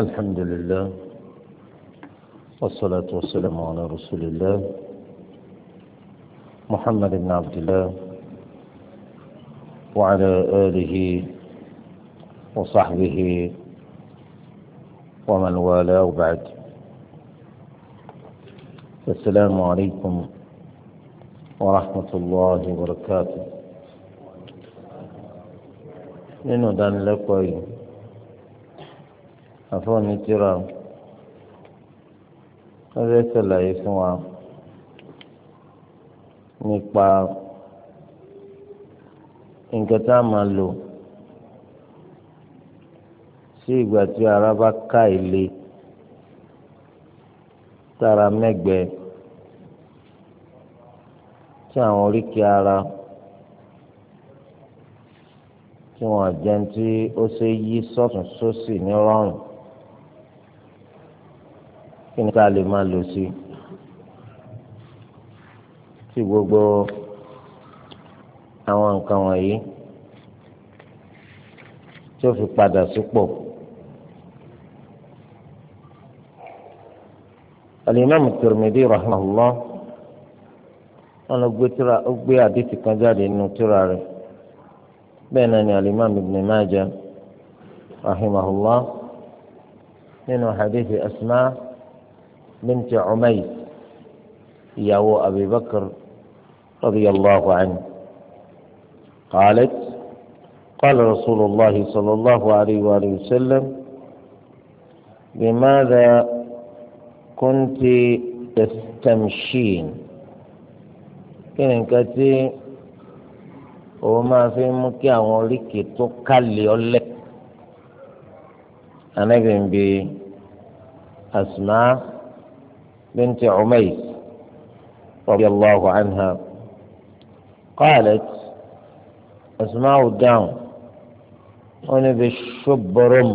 الحمد لله والصلاة والسلام على رسول الله محمد بن عبد الله وعلى آله وصحبه ومن والاه بعد السلام عليكم ورحمة الله وبركاته لأنه دان لك àfọwọ́ni tíra ọ̀rẹ́ ṣàlàyé fún wa nípa nǹkan tá a máa lò sí ìgbà tí ara bá ká ilé tára mẹ́gbẹ́ tí àwọn oríkèé ara tí wọ́n jẹun tí ó ṣe yí sọ́tún sósì ní rọrùn kí ni ká lè máa lò sí tí gbogbo àwọn nǹkan wọ̀nyí tí ó fi padà sípò. الإمام الترمذي رحمه الله أنا أقبي حديث كجاد إنه تراري بينني الإمام ابن ماجه رحمه الله من حديث أسماء بنت عميد يا أبي بكر رضي الله عنه قالت قال رسول الله صلى الله عليه وآله وسلم لماذا كنت تستمشين كن كتي وما في مكيا وليك تكالي أولك أنا بي أسمع بنت عميس رضي الله عنها قالت أسماء الداون أنا بالشبرم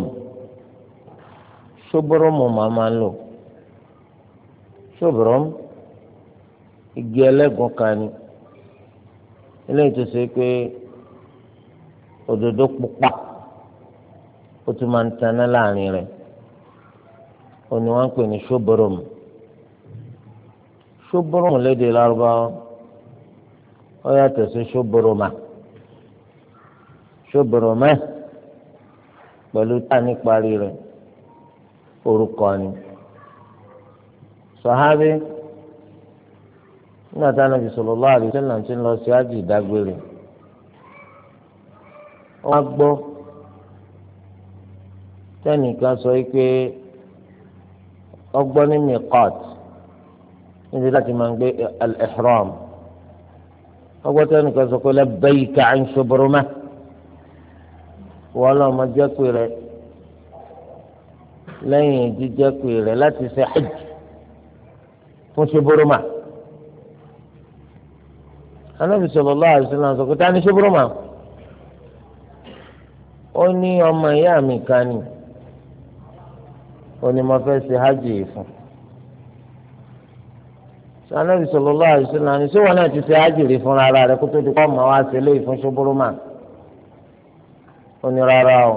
شبرم ما مالو شبرم igi ẹlẹ́gùn kan ni eléyìí tó ṣe pé òdòdó pupa ó tún máa ń taná láàrin rẹ̀ òní wọ́n ń pè ní ṣóbòròmù ṣubúrùmù lédè lárúbáwá ó yàtọ̀ sí ṣubúrùmà ṣubúrùmà pẹ̀lú tani parí rẹ̀ orúkọ ni sọ̀hábí nígbà tá a nàbì sallallahu alaihi wasallam ti ń lọ sí ájì ìdágbére wọ́n gbọ́ sọ pé ọgbọ́n ní níbi láti máa ń gbé al-ihram ọgbọ́tọ́ ẹnìkan sọ pé labbayka an shubrumah wọ́n lọ́mọ jẹ́ pé rẹ̀ lẹ́yìn jíjẹ́ pé rẹ̀ láti ṣe hajj fún ṣuburuma anabi sallallahu alaihi wasallam sọ pé ta ni ṣuburuma ó ní ọmọ ìyá mi kan ni ó ní mo fẹ́ ṣe hajj yìí fún un. sanabi sọlọlọ àdìsílà ni síwọn náà ti ṣe ájìrì fún ara rẹ kó tó di kọ́ ọmọ wa ṣe léyìí fún ṣubúrúmà ó rárá o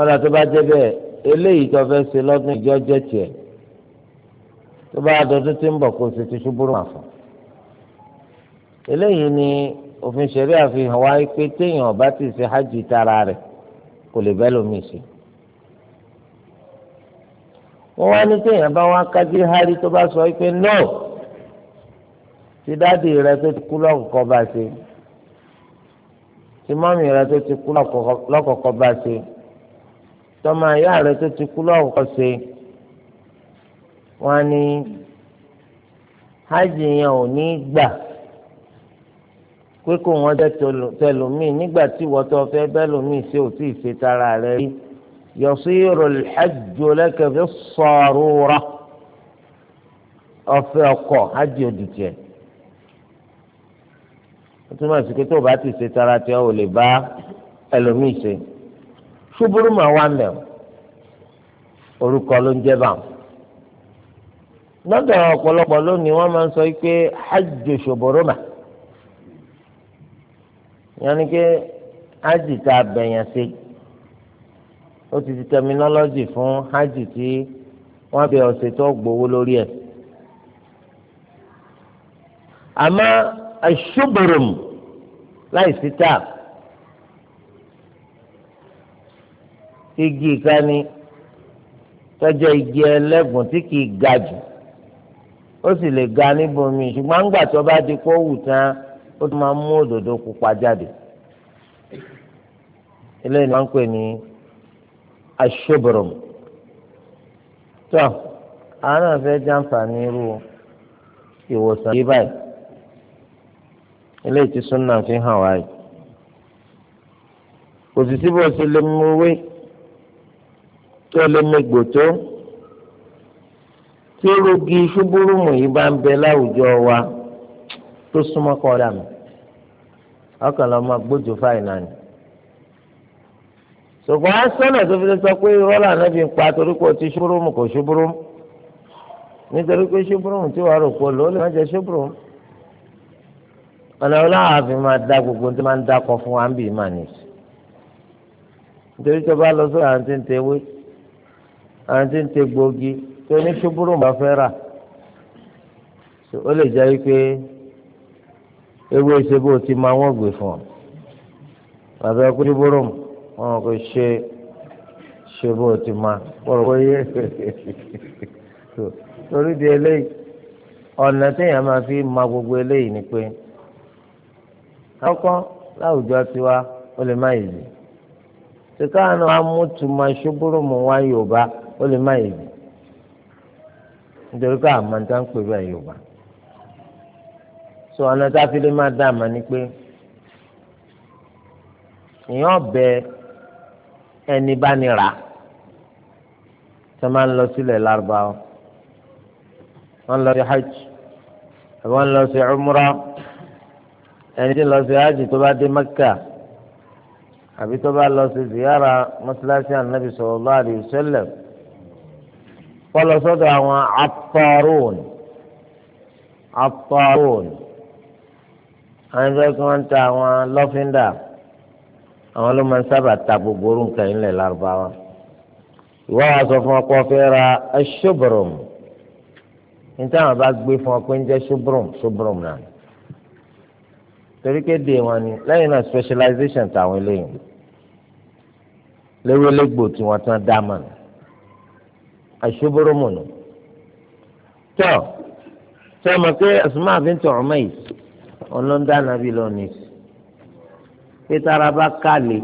ọ̀nà tó bá jẹ́ bẹ́ẹ̀ eléyìí tó fẹ́ ṣe lọ́dún ìjọ jẹ́ tiẹ̀ tó bá dọdún tí ń bọ̀ kó ṣe ti fún ni òfin ṣẹ̀rí àfihàn wa pé téèyàn ọba ti ṣe hajj tara kò lè bẹ́ẹ̀ wọ́n wá ní kéèyàn bá wọn kájí hárí tó bá sọ pé no ti dáàdi rẹ tó ti kú lọ́kọ̀ọ́kọ́ bá ṣe ti mọ́mì rẹ tó ti kú lọ́kọ̀ọ́kọ́ bá ṣe tọ́mọ ìyá rẹ tó ti kú lọ́kọ̀ọ́kọ́ ṣe wọ́n ní hajj yẹn ò ní gbà pé kó wọn jẹ́ tẹlómi nígbà tí ìwọ́tọ̀ fẹ́ bẹ́ẹ̀ ṣe ò tí ì ṣe tara rẹ rí. يصير الحج لك في الصارورة أفق حج يدتين túmọ̀ sí pé tó o bá ti ṣe tara tí o lè bá ẹlòmíì ṣe ṣubúrú mà wá mẹ́ o orúkọ ló ń jẹ́ bá wọn. lọ́dọ̀ ọ̀pọ̀lọpọ̀ lónìí wọ́n máa ń sọ pé hajj ṣubúrú mà yẹn ni pé hajj tá a bẹ̀yàn ṣe ó ti di terminology fún hajj tí wọ́n bẹ ọ̀sẹ̀ tó gbowó lórí ẹ̀. àmọ́ aṣọ́bọ̀rọ̀m láìsí tà igi ìkànnì tọ́jọ́ igi ẹlẹ́gùn tí kì í ga jù ó sì lè ga níbomi ṣùgbọ́n ńgbà tó bá di kó wù tán ó tún máa mú òdòdó pupa jáde eléyìí máa ń pè ní ashoborom tó àwọn náà fẹ́ jàǹfààní irú ìwòsàn yìí báyìí eléyìí tí súnà fi hàn wáyé kò sì síbò lè mú owó tó lè mẹgbò tó tí rogi ṣubúrúmù yìí bá ń bẹ láwùjọ wa tó súnmọ́ ọkàn ṣùgbọ́n á sọ́nà tó fi sọ pé rọ́là náà fi ń pa torí pé o ti ṣubúrúmù kò ṣubúrúmù nítorí pé ṣubúrúmù tí wàá rò pọ̀ ló lè má jẹ ṣubúrúmù. ọ̀nà ọlọ́wà fi máa da gbogbo tí máa ń dákọ̀ fún wa ń bì máa nì sí. nítorí tó bá lọ sọ́dọ̀ àwọn tí ń tewé àwọn tí ń te gbòógì tó ní ṣubúrúmù bá fẹ́ rà ó lè jẹ́ wípé ewé ṣe bó ti máa wọ́n gbè fún ọ. bàbá ẹ kú ṣubúrúmù wọn kò ṣe ṣe bó ti máa pọ̀rọ̀ wáyé torí di eléyìí ọ̀nà téèyàn máa fi ma gbogbo eléyìí ni pé àkọ́kọ́ láwùjọ tiwa ó lè má yìí sìkà àná amútùmá ṣubúrú mu wá Yorùbá ó lè má yìí nítorí pé àmọ́ntá ń pè bẹ́ẹ̀ Yorùbá so ọ̀nà tá a fi lè má dá àmọ́ ni pé èèyàn bẹ́ẹ̀ ẹni bá ní rà tó máa ń lọ sílẹ̀ lárúbáwá wọ́n lọ sí hajj wọ́n lọ sí umra ẹni tí lọ sí hajj tó bá dé mẹ́kà àbí tó bá lọ sí ziyara mọ́sálásí ànábì sallallahu alaihi wasallam kọlọ sọ́dọ̀ àwọn atọrún atọrún àwọn ẹgbẹ́ tí wọ́n ta àwọn lọ́fíńdà àwọn ló máa ń sábà ta gbogbo orú nǹkan ilẹ̀ lárúbáwá ìwọ wa sọ fún ọ pé ọfẹ ra ṣubrum níta àwọn bá gbé fún ọ pé ṣubrum ṣubrum náà torí wọn ni lẹ́yìn náà specialization tàwọn eléyìí léwélégbò tí wọn tán dá mọ nù tọ tí wọn mọ pé Asma bint Umays ọlọ́ńdà nàbí lọ́nìí pé tára bá kàlè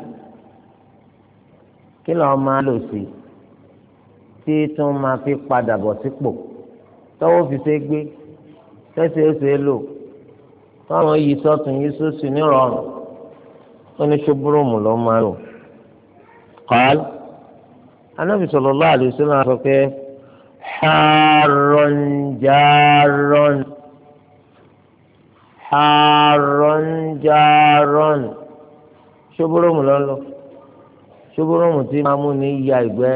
kí lọ́ọ́ máa lò sí tí tún máa fi padà bọ̀ sípò tọ́wọ́ fi ṣe gbé tẹ́sẹ̀ ó ṣe é lò táwọn yìí sọ́tún yìí sósì nírọ̀rùn ó ní máa lò. قال النبي صلى الله عليه sọ pé حار جار حار جار ṣóbórómù lọ́lọ́ ṣóbórómù tí máa mú ní ya ìgbẹ́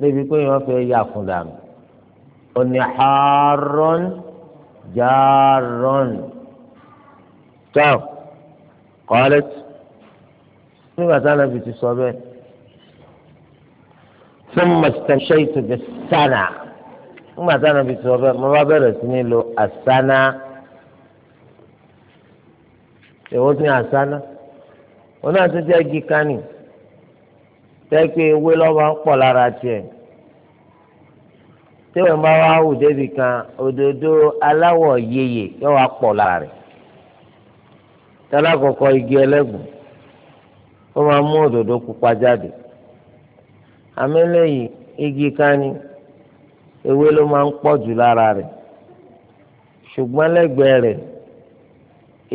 débi pé wọ́n fẹ́ ya fún dànù òní àárọ̀n jàárọ̀n tó kọ́lẹ́t nígbà táwọn fi ti sọ bẹ́ẹ̀ sọ́mọ̀ ṣe ìtòkè sánà nígbà táwọn fi ti sọ bẹ́ẹ̀ mo bá bẹ̀rẹ̀ sí ní lo àsánà èwo ti ní àsánà òun náà tún jẹ́ igi kánì tẹ́ pé ewé lọ́wọ́ ń pọ̀ lára tiẹ̀ tí bá wá hù débi kan òdòdó aláwọ̀ yeye yóò wá pọ̀ lára rẹ̀ tẹ́lákọ̀ọ́kọ́ igi ẹlẹ́gùn ó máa mú òdòdó pupa jáde àmì lẹ́yìn igi kánì ewé ló máa ń pọ̀ jù lára rẹ̀ ṣùgbọ́n lẹ́gbẹ̀ẹ́ rẹ̀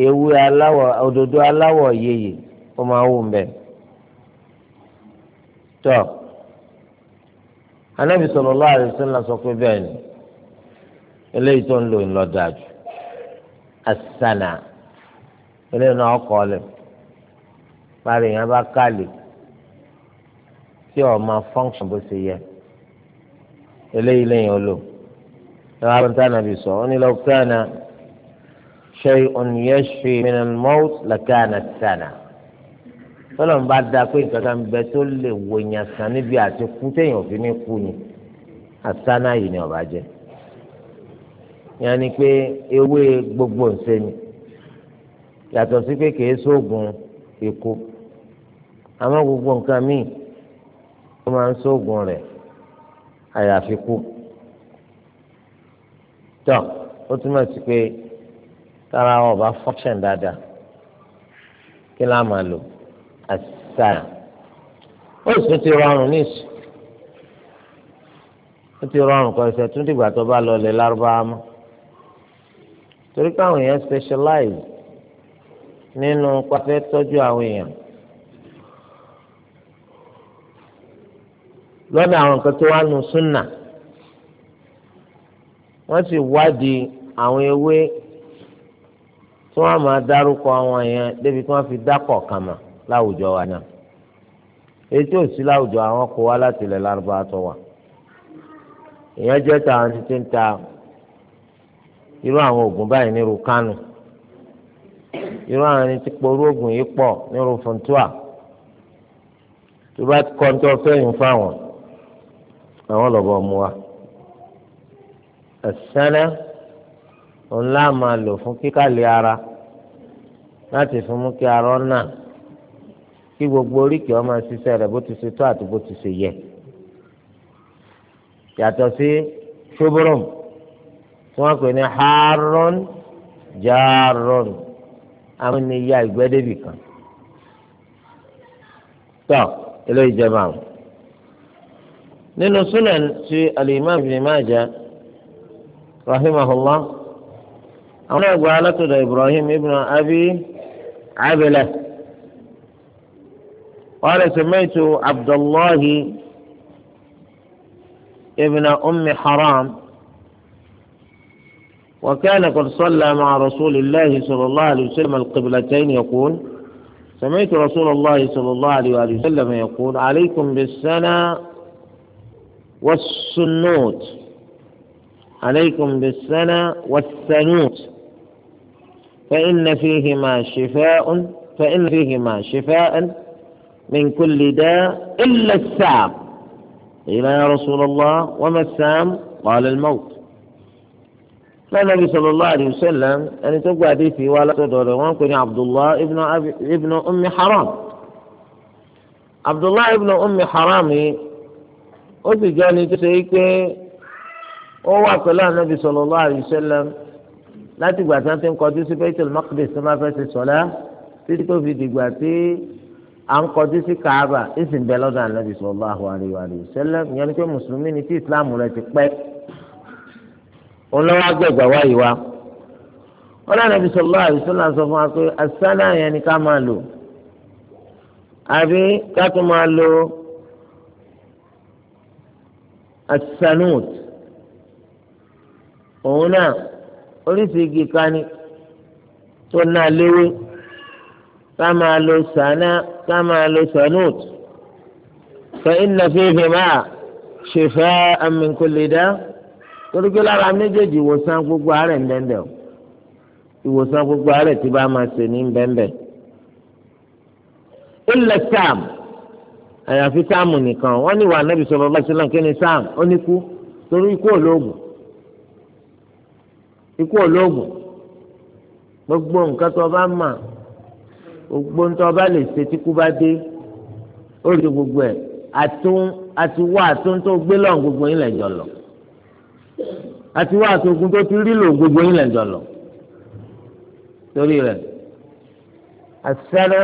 ewé aláwọ̀ òdòdó aláwọ̀ yeye ó máa wù mbẹ tọ anabi sallallahu alaihi wasallam sọ pé bẹ́ẹ̀ ni eléyìí tó ń lò ń lọ dájú asana eléyìí náà ọkọ lẹ parí yẹn bá kálí tí ọ máa fọnkṣọn bó ṣe yẹ eléyìí lẹ́yìn ó lò lọ́wọ́ abẹ́ntà nàbì sọ ó ní lọ́kàn náà shay'un yashfi min al-mawt lakana sana tọ́lọ̀ ń bá da pé nǹkan kan bẹ tó lè wo yẹn kan níbi àti kú téèyàn fi ní kú ni àtàná yìí ni ọba jẹ yẹn ni pé ewé gbogbo ńṣe ni yàtọ̀ sí pé kìí sóògùn ikú àmọ́ gbogbo nǹkan míì ó máa ń sóògùn rẹ̀ àyàfi kú tọ́ ó túmọ̀ sí pé tára ọba function dáadáa kí lá máa lò àṣà ó sì ti rọrùn níṣù ó ti rọrùn kan ṣe tún dìgbà tó bá lọlẹ̀ lárúbáwá mọ́ torí káwọn èèyàn specialize nínú pàfẹ́ tọ́jú àwọn èèyàn lọ́nà àwọn nǹkan tó wà nù súnà wọ́n sì wádìí àwọn ewé tí wọ́n máa dárúkọ àwọn èèyàn débi tí wọ́n fi dákọ̀ kàmá. láwùjọ wa náà etí òsì láwùjọ àwọn kó wá láti ilẹ̀ lárúbáwá tó wà ìyẹn jẹ́ tàwọn ti ti ń ta irú àwọn oògùn báyìí nírú kánò irú àwọn ẹni tí porú oògùn yìí pọ̀ nírú funtua tó bá kọ́ńtọ́ fẹ́yìn fáwọn àwọn lọ́bọ̀ mu wa ẹ̀sẹ́nẹ́ ńlá máa lò fún kíkàlẹ̀ ara láti fún mú kí arọ́ náà. kí gbogbo oríkì ọmọ ṣiṣẹ́ rẹ̀ bó ti ṣe tó àti bó ti ṣe yẹ yàtọ̀ sí ṣubúrùm tí wọ́n pè ní haron jaron amúniyá ìgbẹ́dẹ́bì kan tọ́ eléyìí jẹ́ báwọn. nínú sunan ti alimami ibn Majah rahimahullah àwọn ẹgbẹ́ alátọ̀dọ̀ ibrahim ibn abi abẹ́lẹ́. قال سميت عبد الله ابن أم حرام وكان قد صلى مع رسول الله صلى الله عليه وسلم القبلتين يقول سمعت رسول الله صلى الله عليه وآله وسلم يقول عليكم بالسنة والسنوت عليكم بالسنة والسنوت فإن فيهما شفاء فإن فيهما شفاء من كل داء إلا السام قيل يا رسول الله وما السام قال الموت فالنبي صلى الله عليه وسلم أن تبقى دي في ولا تدور وانكني عبد الله ابن, ابن أم حرام عبد الله ابن أم حرام أبي جاني تسيك هو قال النبي صلى الله عليه وسلم لا تبقى تنتم قدس بيت المقدس ما فاتت صلاة تتكو في دقواتي à ń kọjú sí kaaba ìsìn bẹ lọ́dọ̀ anabi sallallahu alaihi wa sallam ìyẹn ni pé mùsùlùmí ni tí ìsìláàmù rẹ ti pẹ́ olówó agbègbè wa yìí wa wọn náà anabi sallallahu alaihi wa sallam fún wa pé asánà yẹn ni ká máa lò àbí ká tún máa lò asanut òun náà oríṣi kan ni tó náà léwé ká máa lo sànà ká máa lo sànúùt fa inna fihima shifa'an min kulli da' torí pé lára méjèèjì ìwòsàn gbogbo àárẹ̀ ń bẹ́ẹ̀ o ìwòsàn gbogbo àárẹ̀ tí bá máa ṣe ní bẹ́ẹ̀ ilẹ̀ sam àyàfi sáàmù nìkan wọ́n ní wà nẹ́bí sọ̀rọ̀ lọ́sí náà kí ni sam ó ní kú torí ikú olóògùn ikú olóògùn gbogbo nǹkan tó bá mà ògbóntọ́ bá lè ṣe tí kú bá dé ó rí gbogbo ẹ̀ àtún àti wá àtún tó gbé lọ́n gbogbo yín lẹ̀ jọ lọ àti wá àtúnkún tó ti rí lò gbogbo yín lẹ̀ jọ torí rẹ̀ àṣẹ́rẹ́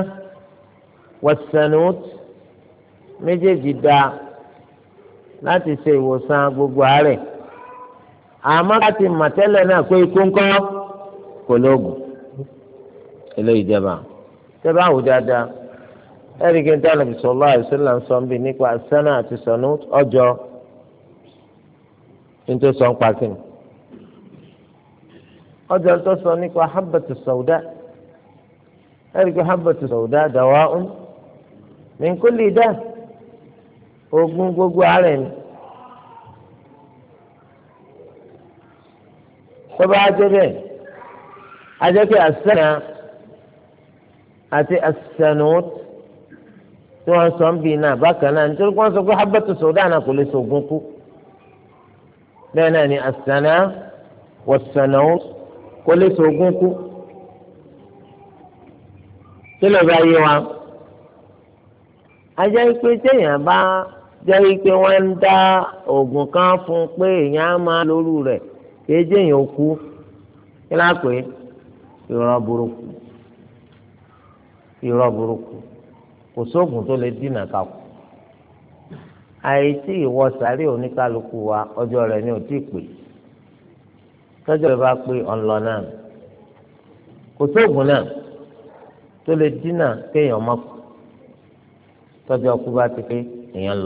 wọ̀sẹ̀nùt méjèèjì da láti ṣe ìwòsàn gbogbo àárẹ̀ àmọ́ láti màtẹ́lẹ̀ náà pé ikú kò lóògùn eléyìí jẹba. tẹ́lá àwò dáadáa ẹ̀ríkẹ́ tí Ànábì sallallahu alaihi wasallam ń sọ ń bì nípa sẹ́nà àti sọ̀nù ọjọ́ nítorí sọ ń pa ọjọ́ tó sọ nípa ẹ̀ríkẹ́ dawa'un min kulli da oògùn gbogbo ara ẹ̀ ni. tọ́ba ajẹ́ bẹ́ẹ̀ ajẹ́ àti asanut tí wọ́n sọ ń bì náà bákan náà nítorí wọ́n sọ pé habatu sọ̀dá náà kò lè sògùn kú bẹ́ẹ̀ náà ni asana wasanut kò lè sògùn kú tí lè bá yé wa ajá ikpe téèyàn bá jẹ́ ikpe wọ́n ń dá oògùn kan fún pé èèyàn á máa lóru rẹ̀ kéjéèyàn kú kí lápè ìrọ̀ burúkú. irọ́ burúkú kò sóògùn tó lè dínà ká àìsí ìwọ sàárè oníkálukú wa ọjọ́ rẹ̀ ni ò tí ì pè tọ́jọ́ rẹ̀ bá pé ọ̀nlọ náà kò sóògùn náà tó lè dínà kéèyàn má tọ́jọ́ ọkú bá ti pé èèyàn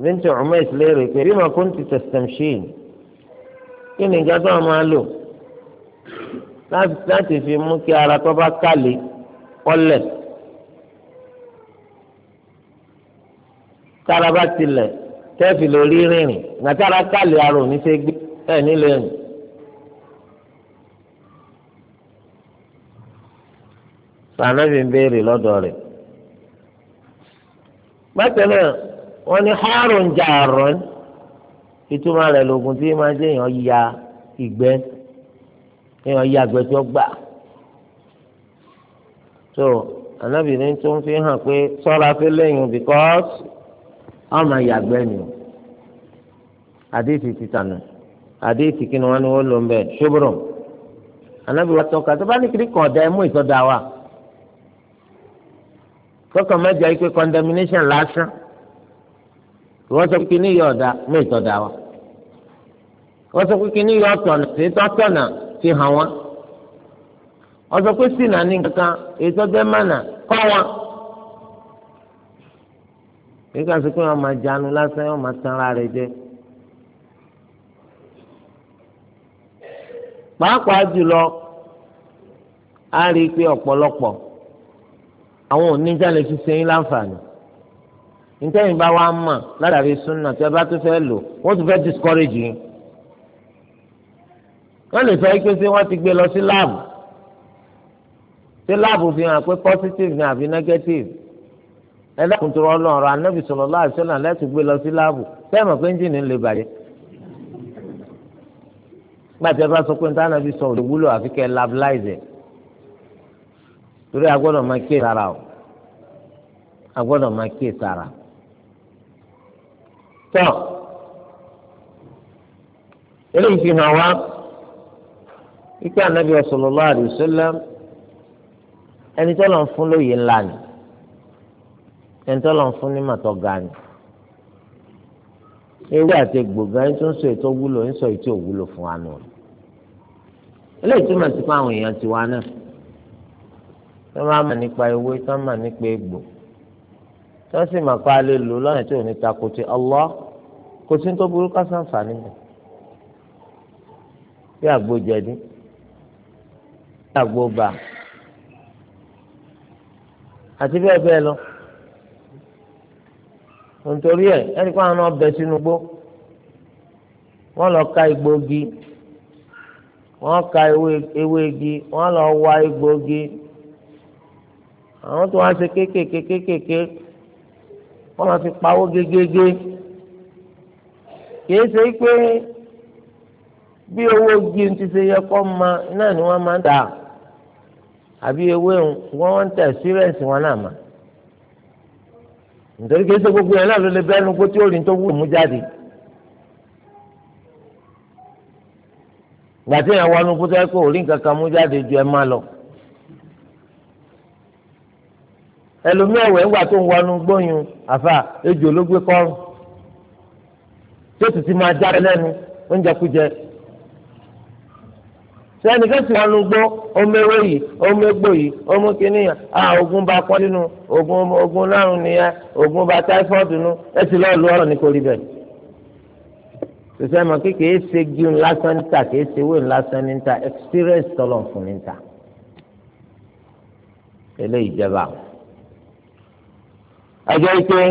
bíntì Umais léèrè pé bí màkún ti tẹ̀sítẹ̀mṣìn kí ni ìjà tó wọn máa lò láti fi mú kí ara tó bá kálí kọ́lẹ̀ tára bá tilẹ̀ tẹ́ẹ̀fì lórí rìnrìn gbàtàrà kálí ara ò ní ṣe gbé ẹ̀ nílé ẹ̀. sànà fi ń béèrè lọ́dọ̀ rẹ̀ bákan náà. wọ́n ni xaarun jaaron ìtumọ̀ rẹ̀ lóògùn tí máa jẹ́ èèyàn ya ìgbẹ́ èèyàn ya ìgbẹ́ ó gbà so anabi tó ń fi hàn pé sọ́ra fi lẹ́yìn because ọmọ ni o àdéhìí ti tànà àdéhìí ti kíni wọn ni wọn lò ń bẹ anabi wa tó bá ní kiri kàn wọ́n sọ pé níyọ̀ ọ̀dà mú ìtọ́dà wa wọ́n sọ pé kí níyọ̀ ọ̀tọ̀nà sí tọ́tọ̀nà fi hàn wọ́n wọ́n sọ pé sínà ní kankan ìtọ́jẹ́ mánà kọ́ wọn. nígbà jánu lásán wọ́n máa ara rẹ̀ jẹ. a rí i pé ọ̀pọ̀lọpọ̀ àwọn oníjà lè fi ṣe yín ntẹ́yìn bá wa mọ̀ ládàbí súnà tẹ́ bá tún fẹ́ lò wọ́n tún fẹ́ discourage yín. wọ́n lè sọ pé ṣé wọ́n ti gbé lọ sí láàbù ṣé láàbù fi hàn pé positive ni àbí negative ẹ dákun tó rọ lọ́rọ̀ anábì sọ̀rọ̀ lọ́wọ́ àṣọ́nà lẹ́tù gbé lọ sí láàbù sẹ́yìn mọ̀ pé ẹ́ńjìnì ń lè bàjẹ́. gbàtẹ́ bá sọ pé ní tánàbí sọ òde wúlò àfi kẹ́ labláìzẹ̀ torí agbọ́dọ̀ máa kíyè sára o agbọ́dọ̀ máa kíyè sára o tọ́ eléyìí fi hàn wá ikú anabi sallallahu alaihi wasallam ẹni tó lọ ń fún lóye ńlá ni ẹni tó lọ ń fún ní màtọ́ ga ni ewé àti gbòógá ẹni tó ń sọ ètò wúlò ń sọ ètò òwúlò fún wa nù eléyìí túmọ̀ sí pé àwọn èèyàn ti náà tó máa mọ̀ nípa ewé tó máa mọ̀ nípa egbò tí wọ́n sì máa pa alẹ́ lò lọ́nà tí ò ní takò kò sí tó burú ká sàǹfààní bí àgbo jẹ̀dí bí àgbo bà àti bẹ́ẹ̀ bẹ́ẹ̀ lọ nítorí ẹ̀ ẹni kó àwọn ọbẹ̀ sínú gbó wọ́n lọ ka igbógi wọ́n ka ewé igi wọ́n lọ wá igbógi àwọn tó wá wọ́n máa fi pawó gégége kìí ṣe pé bí owó gbé ti ṣe yẹ kọ́ ma náà ni wọ́n máa ń tà àbí ewé wọn wọ́n ń tà experience wọn náà mà nítorí kìí ṣe gbogbo yẹn náà ló lè bẹ́ẹ̀ nu kó tí ó rìn tó wù mú jáde. gbàtí yẹn wọnú kó tẹ́ kó rí nǹkan kan mú jáde ju ẹ má lọ. ẹlòmí ẹ̀wẹ̀ ńgbà tó ń wọnú gbóyún àfà ejò ló gbé kọ́rùn tó sì ti máa jáde lẹ́nu oúnjẹ kújẹ sẹ́ni kẹ́sì wọn ló gbọ́ ọmọ ewé yìí ọmọ egbò yìí ọmọ kìnìyàn a ogun bá kọ́ nínú ogun ogun lárùn nìyẹn ogun bá táífọ́ọ̀dù nù ẹ sì lọ́ọ́ lu ọ̀rọ̀ ní kórìí bẹ́ẹ̀. sọ́sẹ́ mọ̀ kí kìí ṣe gi lásán níta kìí ṣe wé lásán níta experience tọ́lọ̀ fún níta. eléyìí jẹba àjẹ́ ike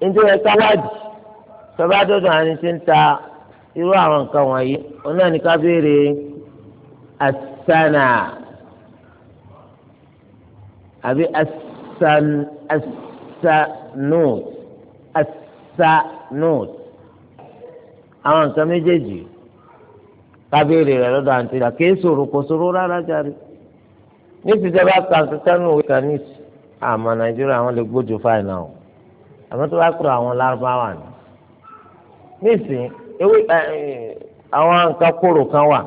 nítorí ẹ̀ka wájú sọba dọ́dọ̀ àni ti ń ta irú àwọn nǹkan wọ̀nyí òun náà ní ká béèrè asana àbí asan asanut asanut àwọn nǹkan méjèèjì ká béèrè rẹ̀ lọ́dọ̀ àǹtí rà kí èso òrùkọ sóró rárá jáde ní ti ìjọba kàǹtẹ̀tẹ̀nù òwe kan ní àmọ́ nàìjíríà àwọn lè gbójú fáìnà o àmọ́ tó bá kúrò àwọn lárúbáwá ni nísìnyí ewé àwọn nǹkan kóró kan wà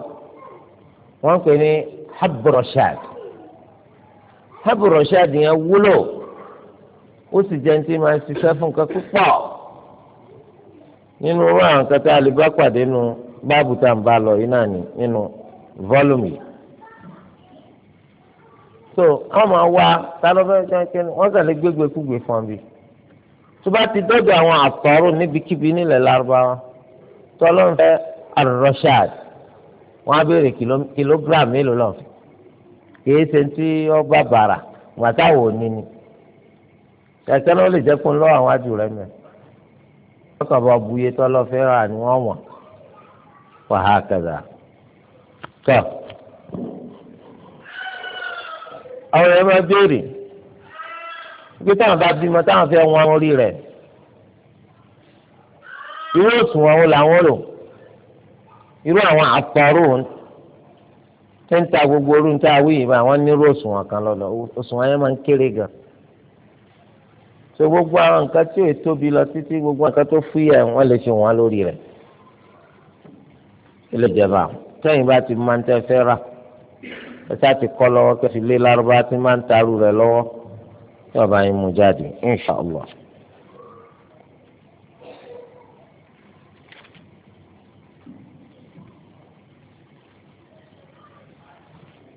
wọ́n ń pè ní habrọ̀ṣad habrọ̀ṣad yẹn wúlò ó sì jẹ́ ní máa ń ṣiṣẹ́ fún nǹkan púpọ̀ nínú irú àwọn nǹkan tá a lè bá pàdé nu báàbù tá à ń bá lọ yìí náà ni nínú fọ́lùmù yìí so wọn máa wá tálọ́fẹ́ kẹ́kẹ́ wọ́n sàlẹ̀ gbégbé kúgbé fún mi tó bá ti dọ́dọ̀ àwọn àtọ́rò níbikíbi nílẹ̀ lárúbáwá tọ́lọ́fẹ́ arọ́ṣáàd wọ́n á béèrè kìlógíráàmù mélòó lọ kìí ṣe tí wọ́n bá bàrà wàtá wò ní ni kẹ̀kẹ́ náà lè jẹ́ kó ń lọ́ àwọn àjù rẹ mẹ́ wọ́n kàn bá buye tọ́lọ́fẹ́ rà ni wọ́n wọ̀n wàhálà kẹta tọ́. àwọn ẹ̀ máa béèrè pé táwọn bá bímọ táwọn fẹ́ wọn orí rẹ̀ irú òsùn àwọn làwọn lò irú àwọn àtàrò tí ń ta gbogbo orú ń ta awí yìí bá wọn nírú òsùn wọn kan lọ́lọ́ òsùn wọn yẹn máa ń kéré gan so gbogbo àwọn nǹkan tí ò tóbi lọ títí gbogbo nǹkan tó fúyà wọn lè ṣe wọn lórí rẹ̀ ilé ìjọba tẹ́yìn bá ti máa ń tẹ́ fẹ́ rà ẹsẹ àti kọ lọ́wọ́ kẹfì lé lárúbá tí máa ń taru rẹ lọ́wọ́ tí ọba yín mú jáde inshàlá.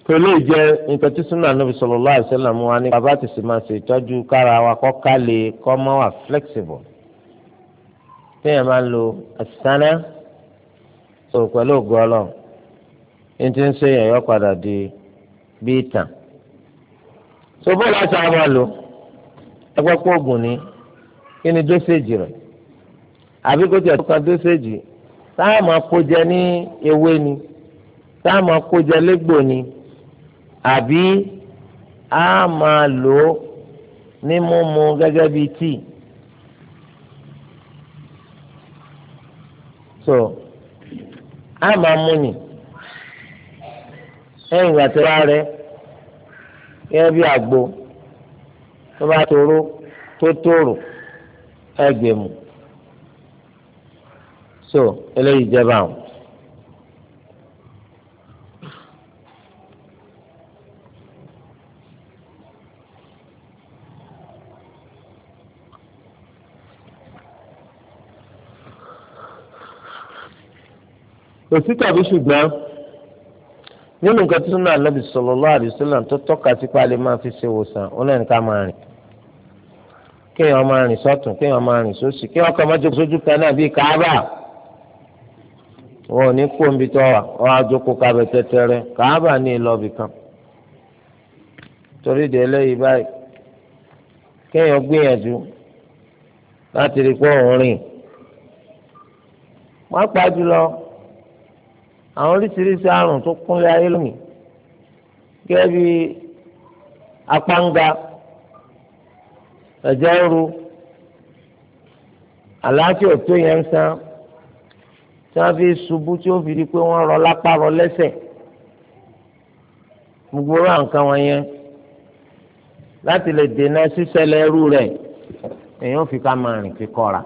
pẹ̀lú ìjẹ́ nǹkan tí súnà níbi sallallahu alaihi wasallam wa ní bàbá ti sì ṣe ìtọ́jú kára wa kọ́ ká lè kọ́ mọ́ wa flexible. téèyàn máa ń lo àṣìṣánná tó pẹ̀lú ògùn ọlọ́run ní ti ń ṣe èèyàn yọ padà di bí ìtàn ṣòbó láti àwọn lò ẹgbẹ́ pọ̀ ògùn ni kí ni dóséjì rẹ̀ àbí kó tiẹ̀ tó kan dóséjì táwọn máa ní ewé ni táwọn máa kó jẹ légbò ni àbí a máa lò ó ní mímu gẹ́gẹ́ bíi tíì. so a máa mú ni lẹ́yìn ìgbà tó bá rẹ gẹ́gẹ́ bí àgbo tó bá toró tó tòrò ẹgbẹ́ mu so eléyìí jẹba àwọn. òsì ṣùgbọ́n. nínú nǹkan tó náà lọ́bi sallallahu alaihi wasallam tó tọ́ka sí pálí máa fi ṣe wòsàn ó náà nìkan máa rìn kéèyàn máa rìn sọ́tún kéèyàn máa rìn sósì kéèyàn máa jókòó sójú kan náà bíi káábà wọn ò ní kó omi tó wà wọn á jókòó kábẹ tẹtẹrẹ ní de eléyìí báyìí kéèyàn gbìyànjú láti rí pé òun rìn àwọn oríṣiríṣi àrùn tó kúnlé ayé lónìí gẹ́gẹ́ bí apáǹga ẹ̀jẹ̀ ríru àlàáfíà òtó yẹn ń san tí wọ́n fi ṣubú tí ó fi di pé wọ́n rọ lápá rọ lẹ́sẹ̀ gbogbo ra nǹkan wọn yẹn láti lè dènà sísẹlẹ̀ ẹrú rẹ̀ èèyàn fi ká máa rìn kíkọ́ra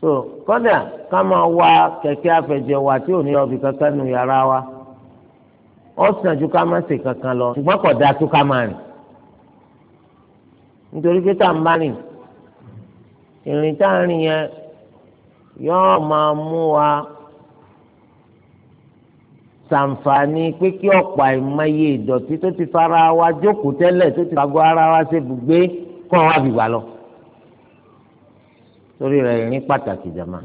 so kọ́dà ká máa wa kẹ̀kẹ́ afẹ̀jẹ̀ wa tí ò ní ọbì kankan nu yàrá wa ó sàn ju ká má ṣe kankan lọ ṣùgbọ́n kò dáa tó ká máa rìn nítorí pé tá à ń bá rìn ìrìn tá à ń rìn yẹn yóò máa mú wa ṣàǹfààní pé kí ọ̀pọ̀ àìmọye ìdọ̀tí tó ti fara wa jókòó tẹ́lẹ̀ tó ti fagbọ́ ara wa ṣe bùgbé kọ́ wa bìgbà lọ. torí rẹ̀ ìrìn pàtàkì jàmá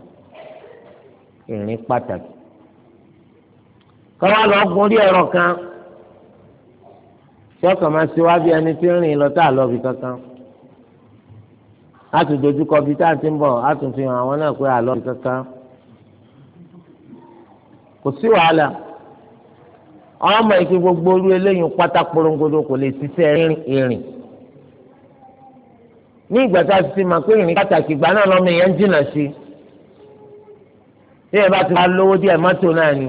ìrìn pàtàkì káwá lọ gun orí ẹ̀rọ kan tí ọkàn máa ṣe wá bí ẹni tí ń rìn lọ tá lọ bí kankan a tún dojúkọ bí tá ti ń bọ̀ a àwọn náà pé kankan kò sí wàhálà ọmọ ìkí olú ní ìgbà tá a ti máa pé ìrìn pàtàkì ìgbà náà lọ́mọ èèyàn jìnnà sí tí ẹ bá ti wá lówó díẹ̀ mọ́tò náà ni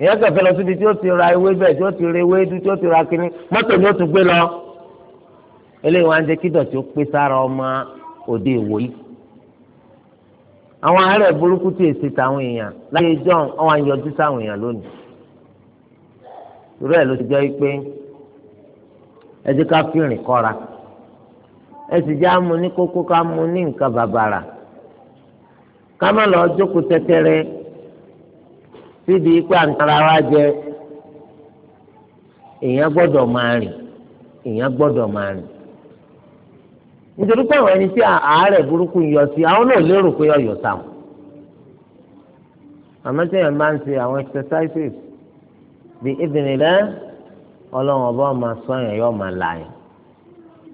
èèyàn kẹfẹ́ lọ síbi tí ó ti ra ewé bẹ́ẹ̀ tí ó ti ra ewé dú tí ó ti ra kínní mọ́tò ni ó tún gbé lọ eléyìí wá ń jẹ́ kí dọ̀tí ó pé sára ọmọ òde ìwò yìí àwọn àárẹ̀ burúkú tí èsì táwọn èèyàn láyé john ọ̀hún ayọ̀dún sáwọn èèyàn lónìí ìrú ẹ̀ ló ti jẹ́ pé ẹ jẹ́ ká fìrìn kọ́ra ẹ sì jẹ́ amú ní kókó ká mú ní nǹkan bàbàrà ká má lọ jókòó tẹ́tẹ́rẹ́ síbi ipá ntara wa jẹ èèyàn gbọ́dọ̀ máa rìn èèyàn gbọ́dọ̀ máa rìn nítorí pé àwọn ẹni tí àárẹ̀ burúkú yọ sí àwọn náà lérò pé ọyọ sáwọn àmọ́ tí máa ń ṣe àwọn exercises bí ìbìnrin lẹ́yìn. Eh? ọlọ́run ọba ọmọ sọ́yìn yóò máa là yín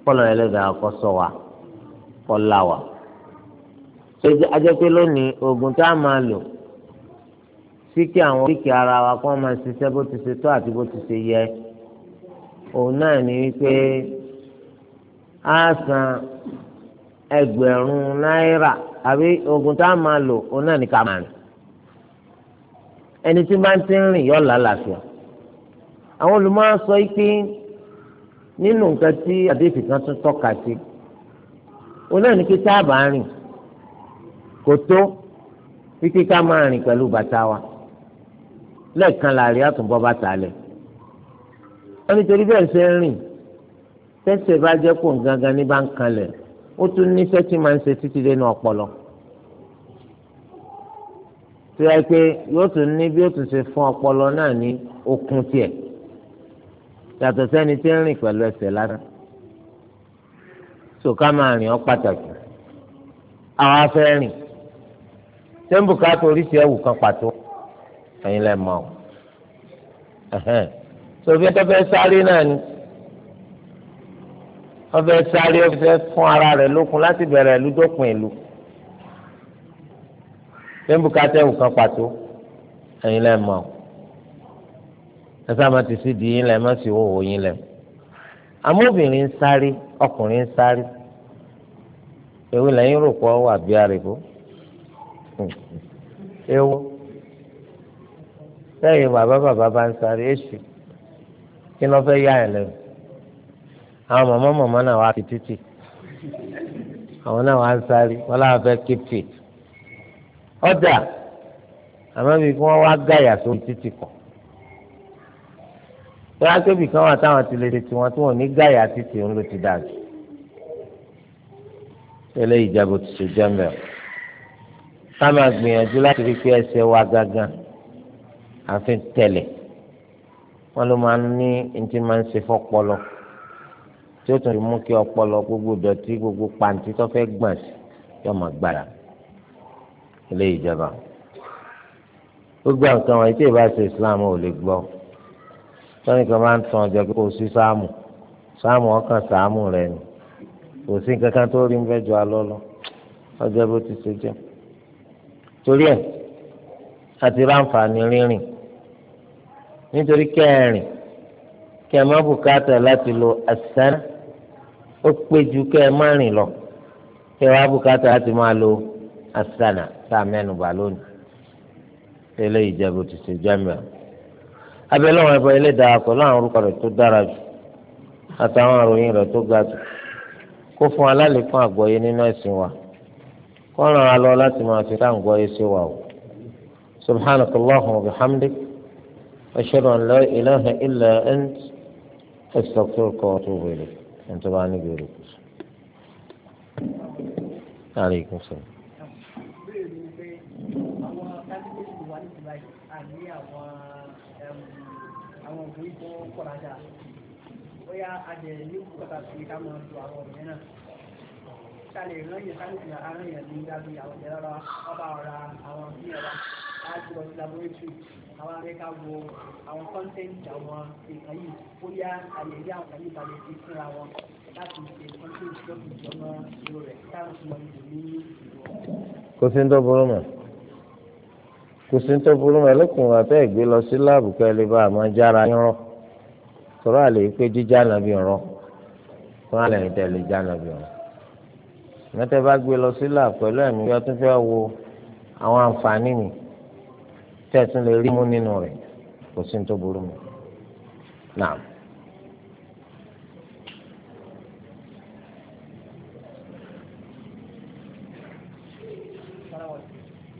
kọ́lọ̀ ẹlẹ́dàá kọ́ sọ wa kọ́ là wa. ṣé ajẹ́ pé lónìí oògùn tá a máa lò sí kí àwọn oríkèé ara wa kọ́ máa ṣiṣẹ́ bó ti ṣe tó àti bó ti ṣe yẹ òun náà ní wípé á san ẹgbẹ̀rún náírà àbí oògùn tá a máa lò òun náà ní ká máa rìn ẹni tí bá ń ti rìn yóò lálàáfíà àwọn olùmọ̀ràn sọ pé nínú nǹkan tí àdéhùn kan tún tọ́ka sí onáàní kí sáàbà rìn kò tó wípé ká máa rìn pẹ̀lú bàtà wa lẹ́ẹ̀kan láàrin àtúnbọ̀ bàtà lẹ̀ wọ́n nítorí bẹ́ẹ̀ ṣe ń rìn tẹ́sẹ̀ bá jẹ́ kó gangan ní bá ń kanlẹ̀ ó tún níṣẹ́ tí máa ń ṣe títí dénú ọpọlọ tó yẹ pé yóò tún ní bí ó tún ṣe fún ọpọlọ náà ní okun tiẹ̀ yàtọ̀ sẹ́ni tí ń rìn pẹ̀lú ẹsẹ̀ lásán so ká máa rìn ọ́ pàtàkì àwọn afẹ́ rìn tẹ́ǹbù ká torí sí ẹ̀wù kan pàtó ẹ̀yin lẹ́ mọ̀ ọ́ sofi ẹ fẹ́ sáré náà ni wọ́n sáré ó fún ara rẹ̀ lókun láti bẹ̀rẹ̀ ìlú ìlú tẹ́ǹbù ká kan pàtó ẹ̀yin lẹ́ mọ̀ ọ́ ẹ sáà má ti sí di yín lẹ má sì wò wò yín lẹ amóbìnrin ń sáré ọkùnrin ń sáré ewu lẹ́yìn rò pọ̀ wà bí arìbó ewu lẹ́yìn bàbá bàbá bá ń sáré èsì kí ló fẹ́ yá ẹ lẹ́nu àwọn màmá màmá náà wà fi títì àwọn náà wà ń sáré wọn làwọn fẹ́ keep fit ọjà àmọ́ bí wọ́n wá gàyà sórí títì kan bóyá kébì kan wà táwọn ti lè ṣe tiwọn tí wọn ní gáyà àti tìǹ ló ti dà jù tẹlẹ ìjàgbó ti ṣe jẹmẹ o ká máa gbìyànjú láti rí pé ẹsẹ̀ wa gángan àfi tẹlẹ wọn ló máa ń ní ntí máa ń ṣe fọpọlọ tí ó tún lè mú kí ọpọlọ gbogbo dọ̀tí gbogbo pàǹtí tó fẹ́ gbọ̀n sí yóò máa gbára ilé ìjọba gbogbo àwọn kan wọ̀nyí tọ́ni kan máa ń tan ọjà pé kò sí sáàmù sáàmù ọkàn sáàmù rẹ ni kò sí nǹkan kan tó rí ń fẹ́ jọ alọ́ lọ ọjọ́ bó ti ṣe jẹ́ torí ẹ̀ àti ráǹfààní rírìn nítorí kẹrin kẹ má bùkátà láti lo àsán ó pé ju kẹ má rìn lọ kẹ wá bùkátà láti máa lo àsánà tá a mẹ́nubà lónìí eléyìí jẹ́ bó ti ṣe jẹ́ mẹ́rin abẹ́lẹ́ wọn ẹbọ ẹlẹ́dàá pẹ̀lú àwọn orúkọ rẹ̀ tó dára jù àtàwọn àròyìn rẹ̀ tó ga jù kó fún alálẹ́kùn àgbọ́yé nínú ẹ̀sìn wa kó ràn án lọ láti máa fi dáhùn gbọ́yé sí wa o subhanaka allahumma wa bihamdik ashhadu an la ilaha illa ant astaghfiruka wa atubu ilayk ẹ̀ńtọ́ bá níbi èrè kùsùn. salaam. àwọn òfin tó pọ̀ dáadáa ó yá adẹ̀ ní òkú pàtàkì ká máa ju àwọn òfin náà kálẹ̀ ìran yẹn kálẹ̀ ìran ara yẹn ní dábì àwọn ìyẹn rárá ọba ọ̀ra àwọn ìyẹn rárá láti lọ sí laboratory àwọn akẹ́kọ̀ọ́ wo àwọn content àwọn ìkan yìí ó yá àlè rí àwọn ìkan yìí balẹ̀ sí fúnra wọn láti ṣe content tó fi jọmọ ìlú rẹ̀ kò sí ní tó burú mọ́ ẹlẹ́kùn àti ẹ̀gbẹ́ lọ sí láàbù kẹ́ lè bá àmọ́ jára yín rọ́ sọ̀rọ̀ àlè pé jíjà nàbí rọ́ fún àlẹ́ ìtẹ̀lé jíjà nàbí rọ́ mẹ́tẹ́ bá gbé lọ sí láàbù pẹ̀lú ẹ̀mí bí wọ́n tún fẹ́ wo àwọn àǹfààní mi tẹ́ ẹ tún lè rí mú nínú rẹ̀ kò burú mọ́ náà.